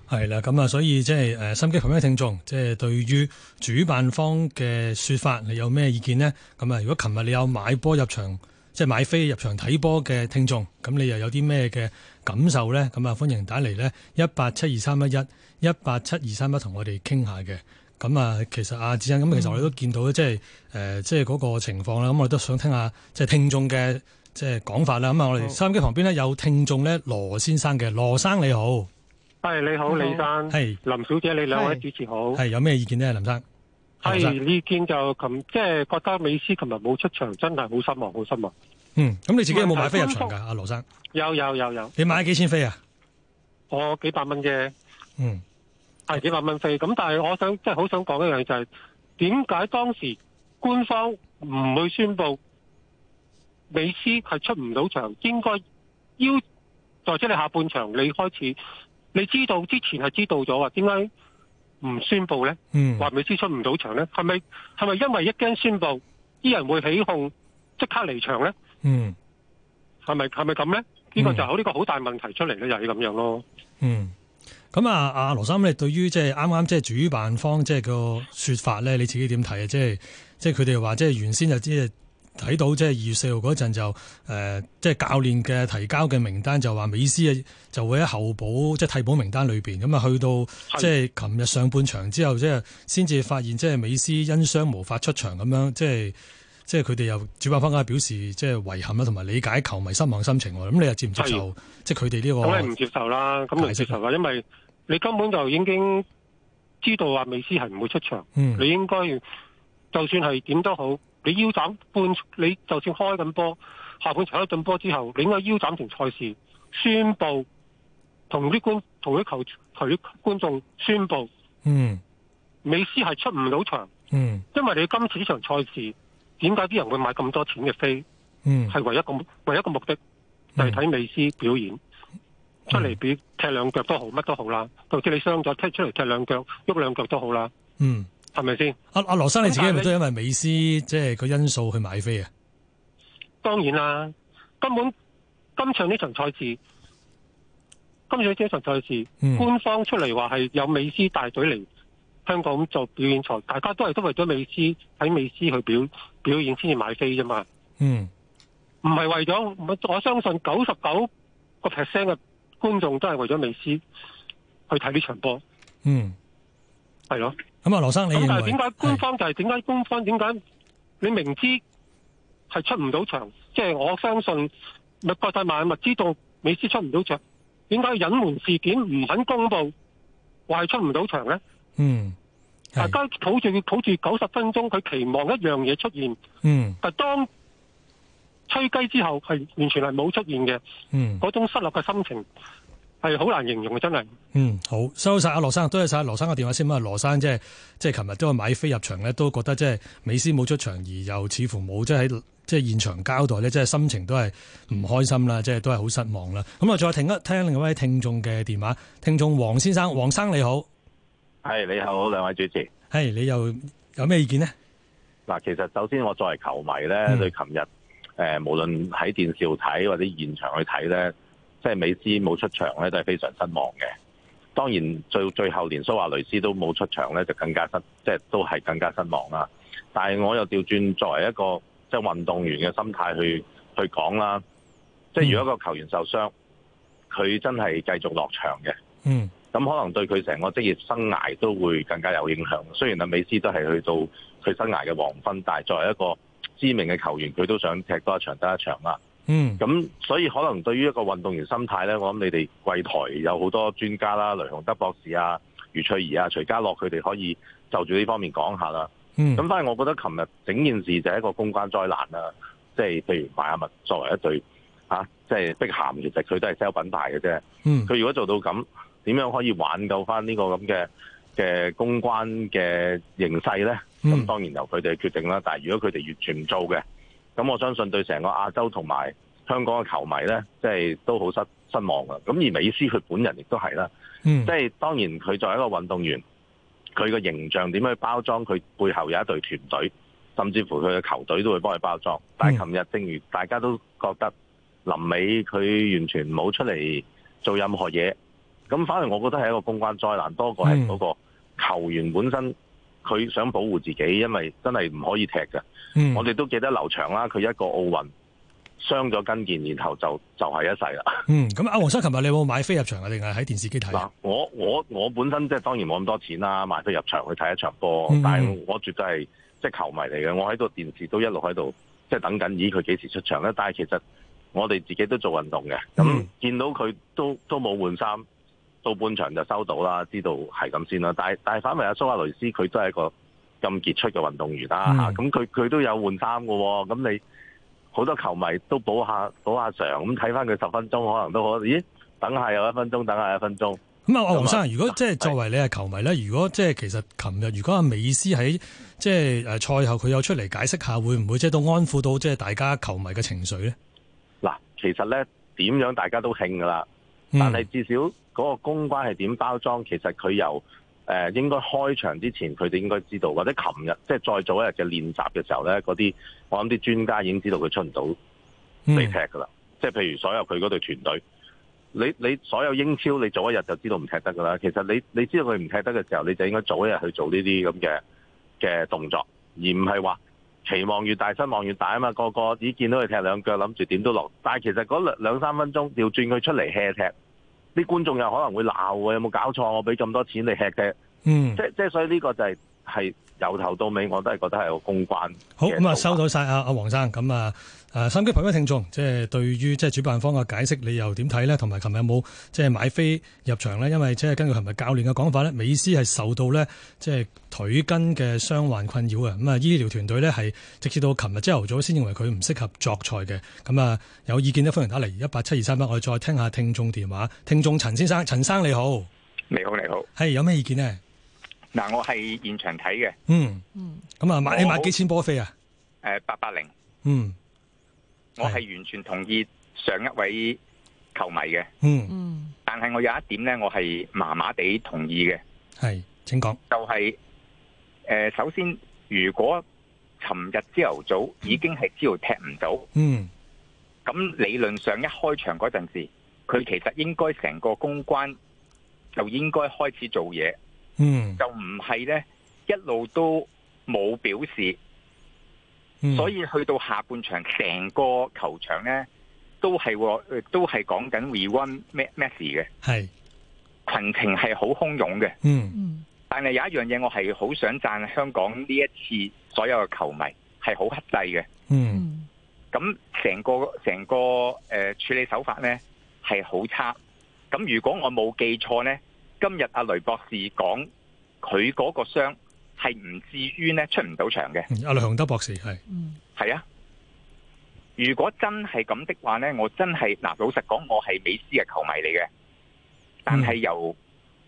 係啦，咁、就是、啊，所以即係誒，收音機旁邊嘅聽眾，即係對於主辦方嘅說法，你有咩意見呢？咁啊，如果琴日你有買波入場，即、就、係、是、買飛入場睇波嘅聽眾，咁你又有啲咩嘅感受呢？咁啊，歡迎打嚟呢 187231, 187231和一八七二三一一一八七二三一同我哋傾下嘅。咁啊，其實阿志、啊、欣，咁、嗯、其實我哋都見到即係誒，即係嗰個情況啦。咁我哋都想聽下即係聽眾嘅即係講法啦。咁啊，我哋收音機旁邊呢，有聽眾呢，羅先生嘅羅生你好。係你好，嗯、李生。係林小姐，你兩位主持好。係有咩意見咧，林生？係意見就琴，即、就、係、是、覺得美斯琴日冇出場，真係好失望，好失望。嗯，咁你自己有冇買飛入場噶？阿羅、啊、生有有有有。你買幾錢飛啊？我幾百蚊嘅。嗯，係幾百蚊飛。咁但係我想即係好想講一樣嘢，就係點解當時官方唔會宣佈美斯係出唔到場，應該要或即、就是、你下半場你開始。你知道之前係知道咗啊？點解唔宣佈咧？嗯，話美斯出唔到場咧，係咪係咪因為一驚宣佈，啲人會起哄即刻離場咧？嗯，係咪係咪咁咧？呢個就係呢個好大問題出嚟咧，就係咁樣咯。嗯，咁、嗯、啊，阿羅生，你對於即係啱啱即係主辦方即係個説法咧，你自己點睇啊？即係即係佢哋話，即係原先就知。睇到即係二月四號嗰陣就，誒、呃，即係教練嘅提交嘅名單就話美斯啊，就會喺候補即係替補名單裏邊，咁啊去到即係琴日上半場之後，即係先至發現即係美斯因傷無法出場咁樣，即係即係佢哋又主辦方家表示即係遺憾啦，同埋理解球迷失望心，心情。咁你又接唔接受他們這？即係佢哋呢個？梗係唔接受啦，咁唔接受噶，因為你根本就已經知道話美斯係唔會出場，嗯、你應該要就算係點都好。你腰斬半，你就算開緊波，下半場一進波之後，你應該腰斬成賽事，宣布同啲觀同啲，同啲球場觀眾宣布，嗯，美斯係出唔到場，嗯，因為你今次呢場賽事，點解啲人會買咁多錢嘅飛？嗯，係唯一一個唯一一個目的係睇、就係、美斯表演，嗯、出嚟比踢兩腳都好，乜都好啦。即使你傷咗踢出嚟踢兩腳，喐兩腳都好啦。嗯。係咪先？阿阿羅生，你自己係咪都因為美斯即係個因素去買飛啊？當然啦，根本今場呢場賽事，今場呢場賽事，官方出嚟話係有美斯大隊嚟香港做表演賽，大家都係都為咗美斯喺美斯去表表演先至買飛啫嘛。嗯，唔係為咗，我相信九十九個 percent 嘅觀眾都係為咗美斯去睇呢場波。嗯，係咯。咁啊，羅生，你咁但係點解官方就係點解官方點解你明知係出唔到場？即係我相信國際邁阿密知道美斯出唔到場，點解隱瞞事件唔肯公佈，話係出唔到場咧？嗯，大家抱住抱住九十分鐘，佢期望一樣嘢出現。嗯，但當吹雞之後，係完全係冇出現嘅。嗯，嗰種失落嘅心情。係好難形容啊！真係嗯好，收咗晒阿羅生，多謝晒羅生嘅電話先啊！羅生即係即係琴日都買飛入場咧，都覺得即係美斯冇出場而又似乎冇即係喺即係現場交代咧，即係心情都係唔開心啦，嗯，即係都係好失望啦。咁啊，再聽一聽另外一位聽眾嘅電話，聽眾王先生，王生你好，係，hey, 你好，兩位主持，係，hey, 你又有咩意見呢嗱，其實首先我作為球迷咧，對琴日誒，無論喺電視睇或者現場去睇咧。即係美斯冇出場咧，都係非常失望嘅。當然最最後連蘇亞雷斯都冇出場咧，就更加失，即係都係更加失望啦。但係我又調轉作為一個即係運動員嘅心態去去講啦。即係如果一個球員受傷，佢真係繼續落場嘅。嗯，咁可能對佢成個職業生涯都會更加有影響。雖然阿美斯都係去到佢生涯嘅黃昏，但係作為一個知名嘅球員，佢都想踢多一場多一場啦。嗯，咁所以可能對於一個運動員心態咧，我諗你哋櫃台有好多專家啦，雷雄德博士啊、余翠怡啊、徐家樂佢哋可以就住呢方面講下啦。嗯，咁但係我覺得琴日整件事就係一個公關災難啦、啊。即係譬如邁阿密作為一隊，嚇、啊，即係碧咸，其實佢都係 sell 品牌嘅啫。嗯，佢如果做到咁，點樣可以挽救翻呢個咁嘅嘅公關嘅形勢咧？咁、嗯、當然由佢哋決定啦。但係如果佢哋完全唔做嘅。咁我相信對成個亞洲同埋香港嘅球迷咧，即、就、係、是、都好失失望㗎。咁而美斯佢本人亦都係啦。即、嗯、係、就是、當然佢作為一個運動員，佢嘅形象點樣去包裝，佢背後有一隊團隊，甚至乎佢嘅球隊都會幫佢包裝，但係琴日正如、嗯、大家都覺得臨尾佢完全冇出嚟做任何嘢，咁反而我覺得係一個公關災難，多過係嗰個球員本身。佢想保護自己，因為真係唔可以踢噶、嗯。我哋都記得劉翔啦，佢一個奧運傷咗跟腱，然後就就係一世啦。嗯，咁阿黃生，琴 <laughs> 日你有冇買飛入場啊？定係喺電視機睇？嗱，我我我本身即係當然冇咁多錢啦，買飛入場去睇一場波、嗯。但係我絕對係即係球迷嚟嘅，我喺度電視都一路喺度即係等緊，咦佢幾時出場咧？但係其實我哋自己都做運動嘅，咁、嗯、見到佢都都冇換衫，到半場就收到啦，知道係咁先啦。但係但係反為阿蘇亞雷斯佢都係一個咁傑出嘅運動員啦吓，咁佢佢都有換衫㗎喎。咁你好多球迷都補下補下常，咁睇返佢十分鐘可能都可。咦？等下有一分鐘，等下一分鐘。咁、嗯、啊，黃生，如果即係、啊、作為你係球迷咧，如果即係其實琴日，如果阿美斯喺即係誒賽後佢有出嚟解釋下，會唔會即係都安撫到即係大家球迷嘅情緒咧？嗱，其實咧點樣大家都興噶啦。但係至少嗰個公關係點包裝，其實佢由誒、呃、應該開場之前，佢哋應該知道，或者琴日即係再早一日嘅練習嘅時候咧，嗰啲我諗啲專家已經知道佢出唔到未踢噶啦。即係譬如所有佢嗰隊團隊，你你所有英超你早一日就知道唔踢得噶啦。其實你你知道佢唔踢得嘅時候，你就應該早一日去做呢啲咁嘅嘅動作，而唔係話期望越大，失望越大啊嘛。個個只見到佢踢兩腳，諗住點都落，但係其實兩兩三分鐘調轉佢出嚟 hea 踢。啲觀眾又可能會鬧我，有冇搞錯？我俾咁多錢你吃嘅，嗯，即係即係所以呢個就係係。由頭到尾我都係覺得係個公關。好，咁啊、嗯，收到晒阿阿黃生咁啊！誒、啊，心急朋友聽眾，即、就、係、是、對於即係主辦方嘅解釋，你又點睇呢？同埋，琴日有冇即係買飛入場呢？因為即係根據琴日教練嘅講法呢，美斯係受到、就是、呢，即係腿筋嘅傷患困擾啊！咁啊，醫療團隊呢係直至到琴日朝頭早先認為佢唔適合作賽嘅。咁啊，有意見都歡迎打嚟，一八七二三八，187238，我哋再聽下聽眾電話。聽眾陳先生，陳生你好，你好你好，係、hey, 有咩意見呢？嗱、啊，我係現場睇嘅。嗯嗯，咁、嗯、啊買你買幾千波飛啊？誒、呃，八八零。嗯，我係完全同意上一位球迷嘅。嗯嗯，但係我有一點咧，我係麻麻地同意嘅。係，請講。就係、是、誒、呃，首先如果尋日朝頭早已經係知道踢唔到，嗯，咁理論上一開場嗰陣時，佢其實應該成個公關就應該開始做嘢。嗯，就唔係咧，一路都冇表示、嗯，所以去到下半場，成個球場咧都係，都係講緊 Refund Messi 嘅，係、呃、群情係好洶湧嘅。嗯，但係有一樣嘢，我係好想讚香港呢一次所有嘅球迷係好克制嘅。嗯，咁成個成個誒、呃、處理手法咧係好差。咁如果我冇記錯咧。今日阿雷博士講，佢嗰個傷係唔至於咧出唔到場嘅。阿、嗯、雷雄德博士係，係啊。如果真係咁的話咧，我真係嗱，老實講，我係美斯嘅球迷嚟嘅。但係由、嗯、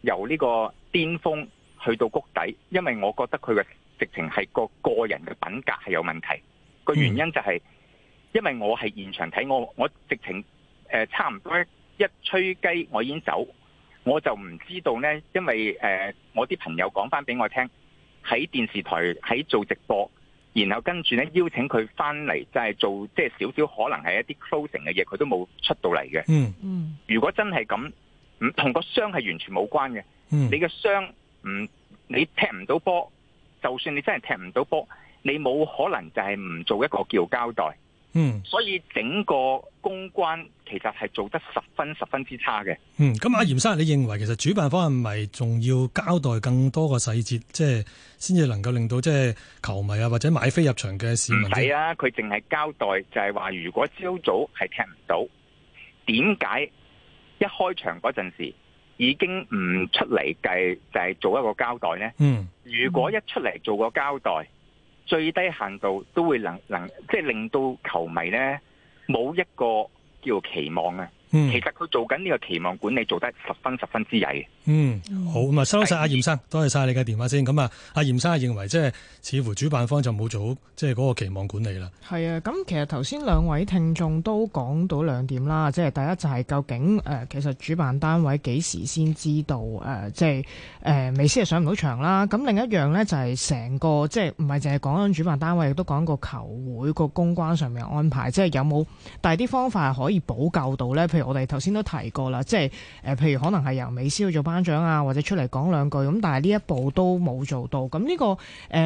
由呢個巔峰去到谷底，因為我覺得佢嘅直情係個個人嘅品格係有問題。個、嗯、原因就係、是，因為我係現場睇，我我直情誒、呃、差唔多一吹雞我已經走。我就唔知道呢，因為誒、呃，我啲朋友講翻俾我聽，喺電視台喺做直播，然後跟住呢邀請佢返嚟，就係做即係少少可能係一啲 closing 嘅嘢，佢都冇出到嚟嘅。嗯嗯，如果真係咁，唔同個傷係完全冇關嘅、嗯。你個傷唔你踢唔到波，就算你真係踢唔到波，你冇可能就係唔做一個叫交代。嗯，所以整個公關其實係做得十分十分之差嘅。嗯，咁阿嚴生，你認為其實主辦方係咪仲要交代更多個細節，即係先至能夠令到即係球迷啊或者買飛入場嘅市民？係啊，佢淨係交代就係話，如果朝早係踢唔到，點解一開場嗰陣時已經唔出嚟計，就係做一個交代呢？嗯，如果一出嚟做個交代。最低限度都會能能即係令到球迷咧，冇一個叫期望啊、嗯，其實佢做緊呢個期望管理做得十分十分之曳。嗯，好，咁啊，收晒阿嚴生，多謝晒你嘅電話先。咁啊，阿嚴生認為即係似乎主辦方就冇做好即係嗰、那個期望管理啦。係啊，咁其實頭先兩位聽眾都講到兩點啦，即係第一就係究竟誒、呃、其實主辦單位幾時先知道誒、呃、即係誒、呃、美斯係上唔到場啦？咁另一樣咧就係、是、成個即係唔係淨係講緊主辦單位，亦都講過球會個公關上面安排，即係有冇第啲方法可以補救到咧？譬如我哋頭先都提過啦，即係誒、呃、譬如可能係由美斯去做班。班長啊，或者出嚟講兩句咁，但係呢一步都冇做到。咁呢個誒，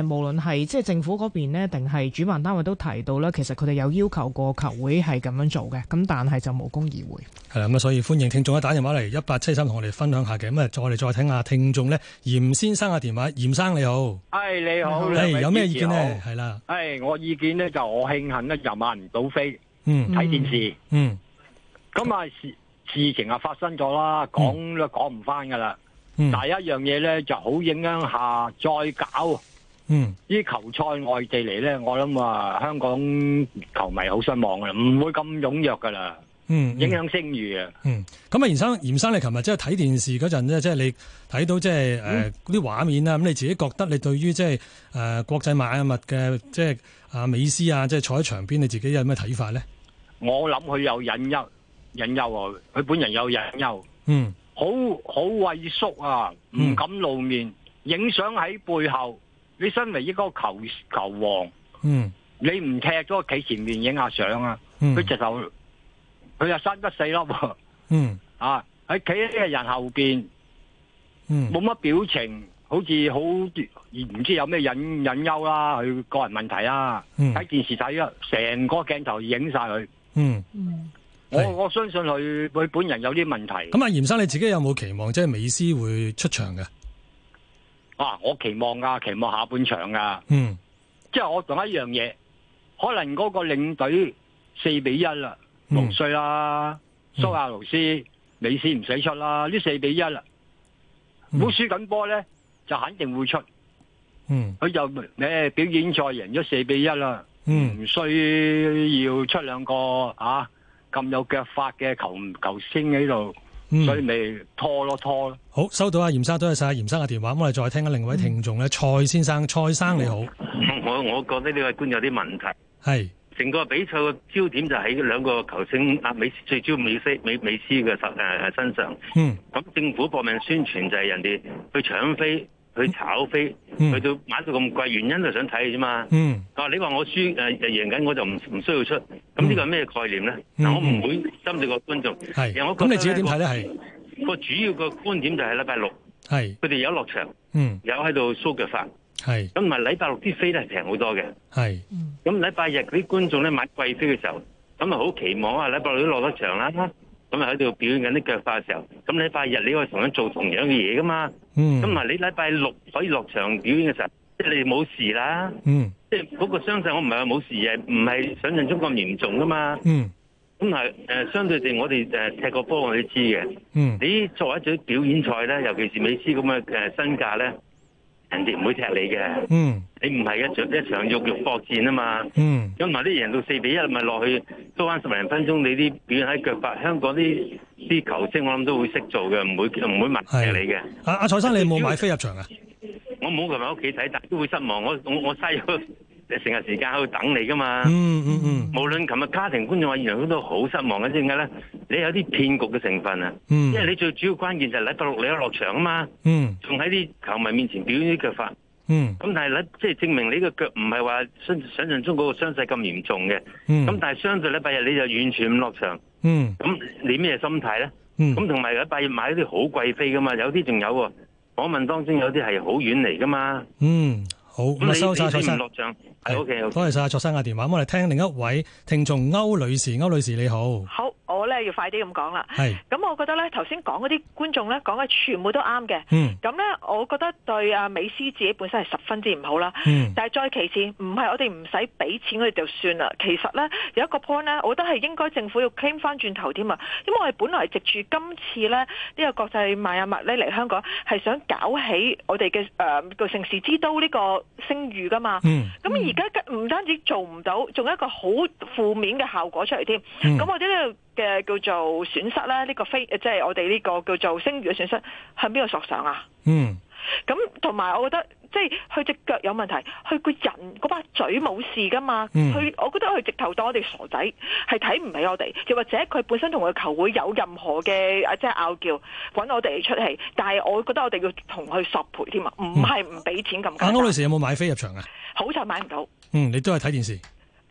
無論係即係政府嗰邊咧，定係主辦單位都提到咧，其實佢哋有要求過球會係咁樣做嘅，咁但係就無功而回。係啦，咁啊，所以歡迎聽眾啊打電話嚟一八七三同我哋分享下嘅。咁啊，再我哋再聽下聽眾咧，嚴先生嘅電話。嚴生你好，哎你好，哎有咩意見咧？係啦，哎我意見咧就我慶幸咧又買唔到飛，嗯睇電視，嗯咁啊。事情啊，發生咗啦，講都講唔翻噶啦。第、嗯、一樣嘢咧，就好影響下再搞。嗯，啲球賽外地嚟咧，我諗啊，香港球迷好失望噶啦，唔會咁踊躍噶啦。嗯，影響聲譽啊。嗯，咁、嗯、啊，嚴、嗯嗯嗯、生，嚴生，你琴日即係睇電視嗰陣咧，即、就、係、是、你睇到即係誒啲畫面啦。咁你自己覺得你對於即係誒國際邁阿密嘅即係美斯啊，即、就、係、是、坐喺場邊，你自己有咩睇法咧？我諗佢有隱憂。隱憂啊！佢本人有隱憂，嗯，好好畏縮啊，唔敢露面，影相喺背後。你身為一個球球王，嗯，你唔踢咗企前面影下相啊？佢直頭，佢又生得細粒，嗯，啊，喺企喺人後邊，嗯，冇乜表情，好似好唔知道有咩隱隱憂啦，佢、啊、個人問題啊，喺、嗯、電視睇啊，成個鏡頭影晒佢，嗯。嗯我我相信佢佢本人有啲問題。咁阿嚴生，你自己有冇期望即係美斯會出場㗎？啊，我期望㗎、啊，期望下半場噶、啊。嗯，即係我同一樣嘢，可能嗰個領隊四比一、啊嗯、啦，龍帥啦，蘇亞雷斯、美斯唔使出啦，啊嗯、呢四比一啦，好輸緊波咧，就肯定會出。嗯，佢就咩表演賽贏咗四比一啦、啊，唔、嗯、需要出兩個啊。咁有腳法嘅球球星喺度，所以咪拖咯拖咯。嗯。好，收到阿嚴生，多謝晒嚴生嘅電話。咁我哋再聽下另外一位聽眾咧，蔡先生，蔡生你好。我我覺得呢位官有啲問題。係成個比賽嘅焦點就喺兩個球星阿、啊、美斯最主要美斯美美斯嘅身誒身上。嗯。咁政府搏命宣傳就係人哋去搶飛。去炒飛，嗯，去到買到咁貴，原因就想睇啫嘛。哦，嗯啊，你話我輸誒，就贏緊，我就唔唔需要出。咁呢個係咩概念咧？嗯，我唔會針對個觀眾。咁你自己點睇咧？係，嗰個主要個觀點就係禮拜六，佢哋有落場，嗯，有喺度 show 腳法。咁唔係禮拜六啲飛咧平好多嘅。咁禮拜日啲觀眾咧買貴飛嘅時候，咁啊好期望啊禮拜六都落得場啦。咁啊喺度表演緊啲腳法嘅時候，咁禮拜日你可以同樣做同樣嘅嘢噶嘛？嗯，咁啊你禮拜六可以落場表演嘅時候，即係你冇事啦。嗯，即係嗰個傷勢我唔係話冇事嘅，唔係想象中咁嚴重噶嘛。嗯，咁係相對地我，呃、我哋誒踢過波，我哋知嘅。嗯，你作為一組表演賽咧，尤其是美斯咁嘅身價咧。呃人哋唔會踢你嘅、嗯，你唔係一場一場肉肉搏戰啊嘛。咁埋啲贏到四比一咪落去，多翻十零分鐘，你啲表喺腳法，香港啲啲球星我諗都會識做嘅，唔會唔會問踢你嘅。阿阿、啊、蔡生，你有冇買飛入場啊？我冇，佢埋屋企睇，但都會失望。我我我嘥咗。成日時間喺度等你噶嘛？嗯嗯嗯，無論琴日家庭觀眾話現場都好失望嘅，點解咧？你有啲騙局嘅成分啊、嗯！因為你最主要關鍵就係禮拜六你有落場啊嘛！嗯，仲喺啲球迷面前表演啲腳法。嗯，咁但係咧即係證明你個腳唔係話想想象中嗰個傷勢咁嚴重嘅。咁、嗯、但係相對禮拜日你就完全唔落場。嗯，咁你咩心態咧？咁同埋禮拜日買啲好貴飛噶嘛，有啲仲有、啊、訪問當中有啲係好遠嚟噶嘛。嗯，好咁收市落場。係、hey, okay，OK，多謝晒卓生嘅電話，我哋聽另一位聽眾歐女士，歐女士你好，好。我咧要快啲咁講啦，咁我覺得咧頭先講嗰啲觀眾咧講嘅全部都啱嘅，咁、嗯、咧我覺得對阿美斯自己本身係十分之唔好啦，嗯、但係再其次，唔係我哋唔使俾錢佢就算啦。其實咧有一個 point 咧，我覺得係應該政府要 claim 翻轉頭添啊，因為我哋本來藉住今次咧呢、呢個國際邁阿密嚟香港係想搞起我哋嘅誒個城市之都呢個聲譽噶嘛，咁而家唔單止做唔到，仲有一個好負面嘅效果出嚟添，咁我哋咧。嗯嘅叫做損失咧，呢、呢個飛即係我哋呢個叫做聲譽嘅損失，向邊度索償啊？嗯，咁同埋我覺得，即係佢隻腳有問題，佢個人嗰把嘴冇事㗎嘛。佢、嗯、我覺得佢直頭當我哋傻仔，係睇唔起我哋，又或者佢本身同佢球會有任何嘅即係拗撬揾我哋出氣，但係我覺得我哋要同佢索賠添啊，唔係唔俾錢咁、嗯。阿歐女士有冇買飛入場啊？好彩買唔到。嗯，你都係睇電視。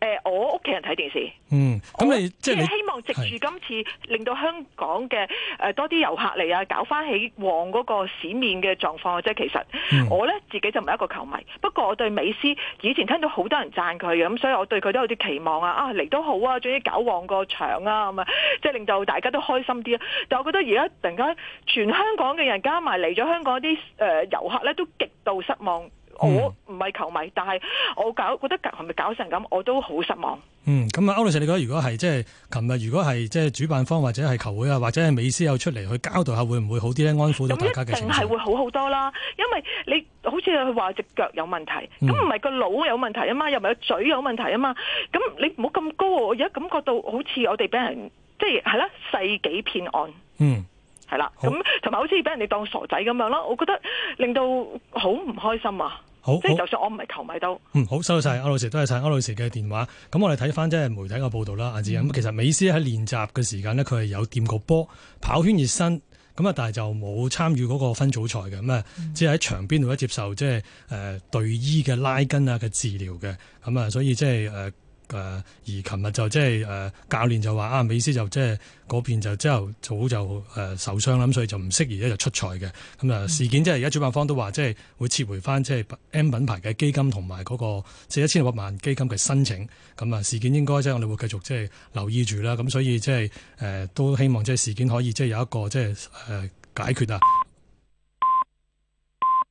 誒、呃，我屋企人睇電視。嗯，咁你即係希望藉住今次，令到香港嘅誒、呃、多啲遊客嚟啊，搞翻起旺嗰個市面嘅狀況。即係其實、嗯、我咧自己就唔係一個球迷，不過我對美斯以前聽到好多人讚佢，咁所以我對佢都有啲期望啊！啊嚟都好啊，總之搞旺個場啊咁啊、嗯，即係令到大家都開心啲啊！但係我覺得而家突然間，全香港嘅人加埋嚟咗香港啲誒、呃、遊客咧，都極度失望。我唔係球迷，嗯、但係我搞，覺得係咪搞成咁，我都好失望。嗯，咁啊，歐老師，你覺得如果係即係琴日，如果係即係主辦方或者係球會啊，或者係美斯有出嚟去交代下，會唔會好啲咧？安撫咗大家嘅情緒。咁係會好好多啦，因為你好似佢話隻腳有問題，咁唔係個腦有問題啊嘛，又唔係個嘴有問題啊嘛，咁你唔好咁高，我而家感覺到好似我哋俾人即係係啦世紀騙案。嗯。係啦，咁同埋好似俾人哋當傻仔咁樣咯，我覺得令到好唔開心啊！即係、就是、就算我唔係球迷都，嗯好，收到晒歐老師，都係晒歐老師嘅電話。咁我哋睇翻即係媒體嘅報道啦，阿、嗯、志。咁其實美斯喺練習嘅時間呢，佢係有掂過波、跑圈熱身咁啊，但係就冇參與嗰個分組賽嘅咁啊。只係喺場邊度咧接受即係誒隊醫嘅拉筋啊嘅治療嘅咁啊，所以即係誒。呃誒而琴日就即係、呃、教練就話啊，美斯就即係嗰邊就之後早就，就，就，就、呃、受傷啦，咁所以就唔適宜一就出賽嘅。咁啊事件即係而家主辦方都話即係會撤回翻即係 M 品牌嘅基金同埋嗰個即係一千六百萬基金嘅申請。咁啊事件應該即係、就是、我哋會繼續即係、就是、留意住啦。咁所以即係、就是呃、都希望即係、就是、事件可以即係、就是、有一個即係誒解決啊。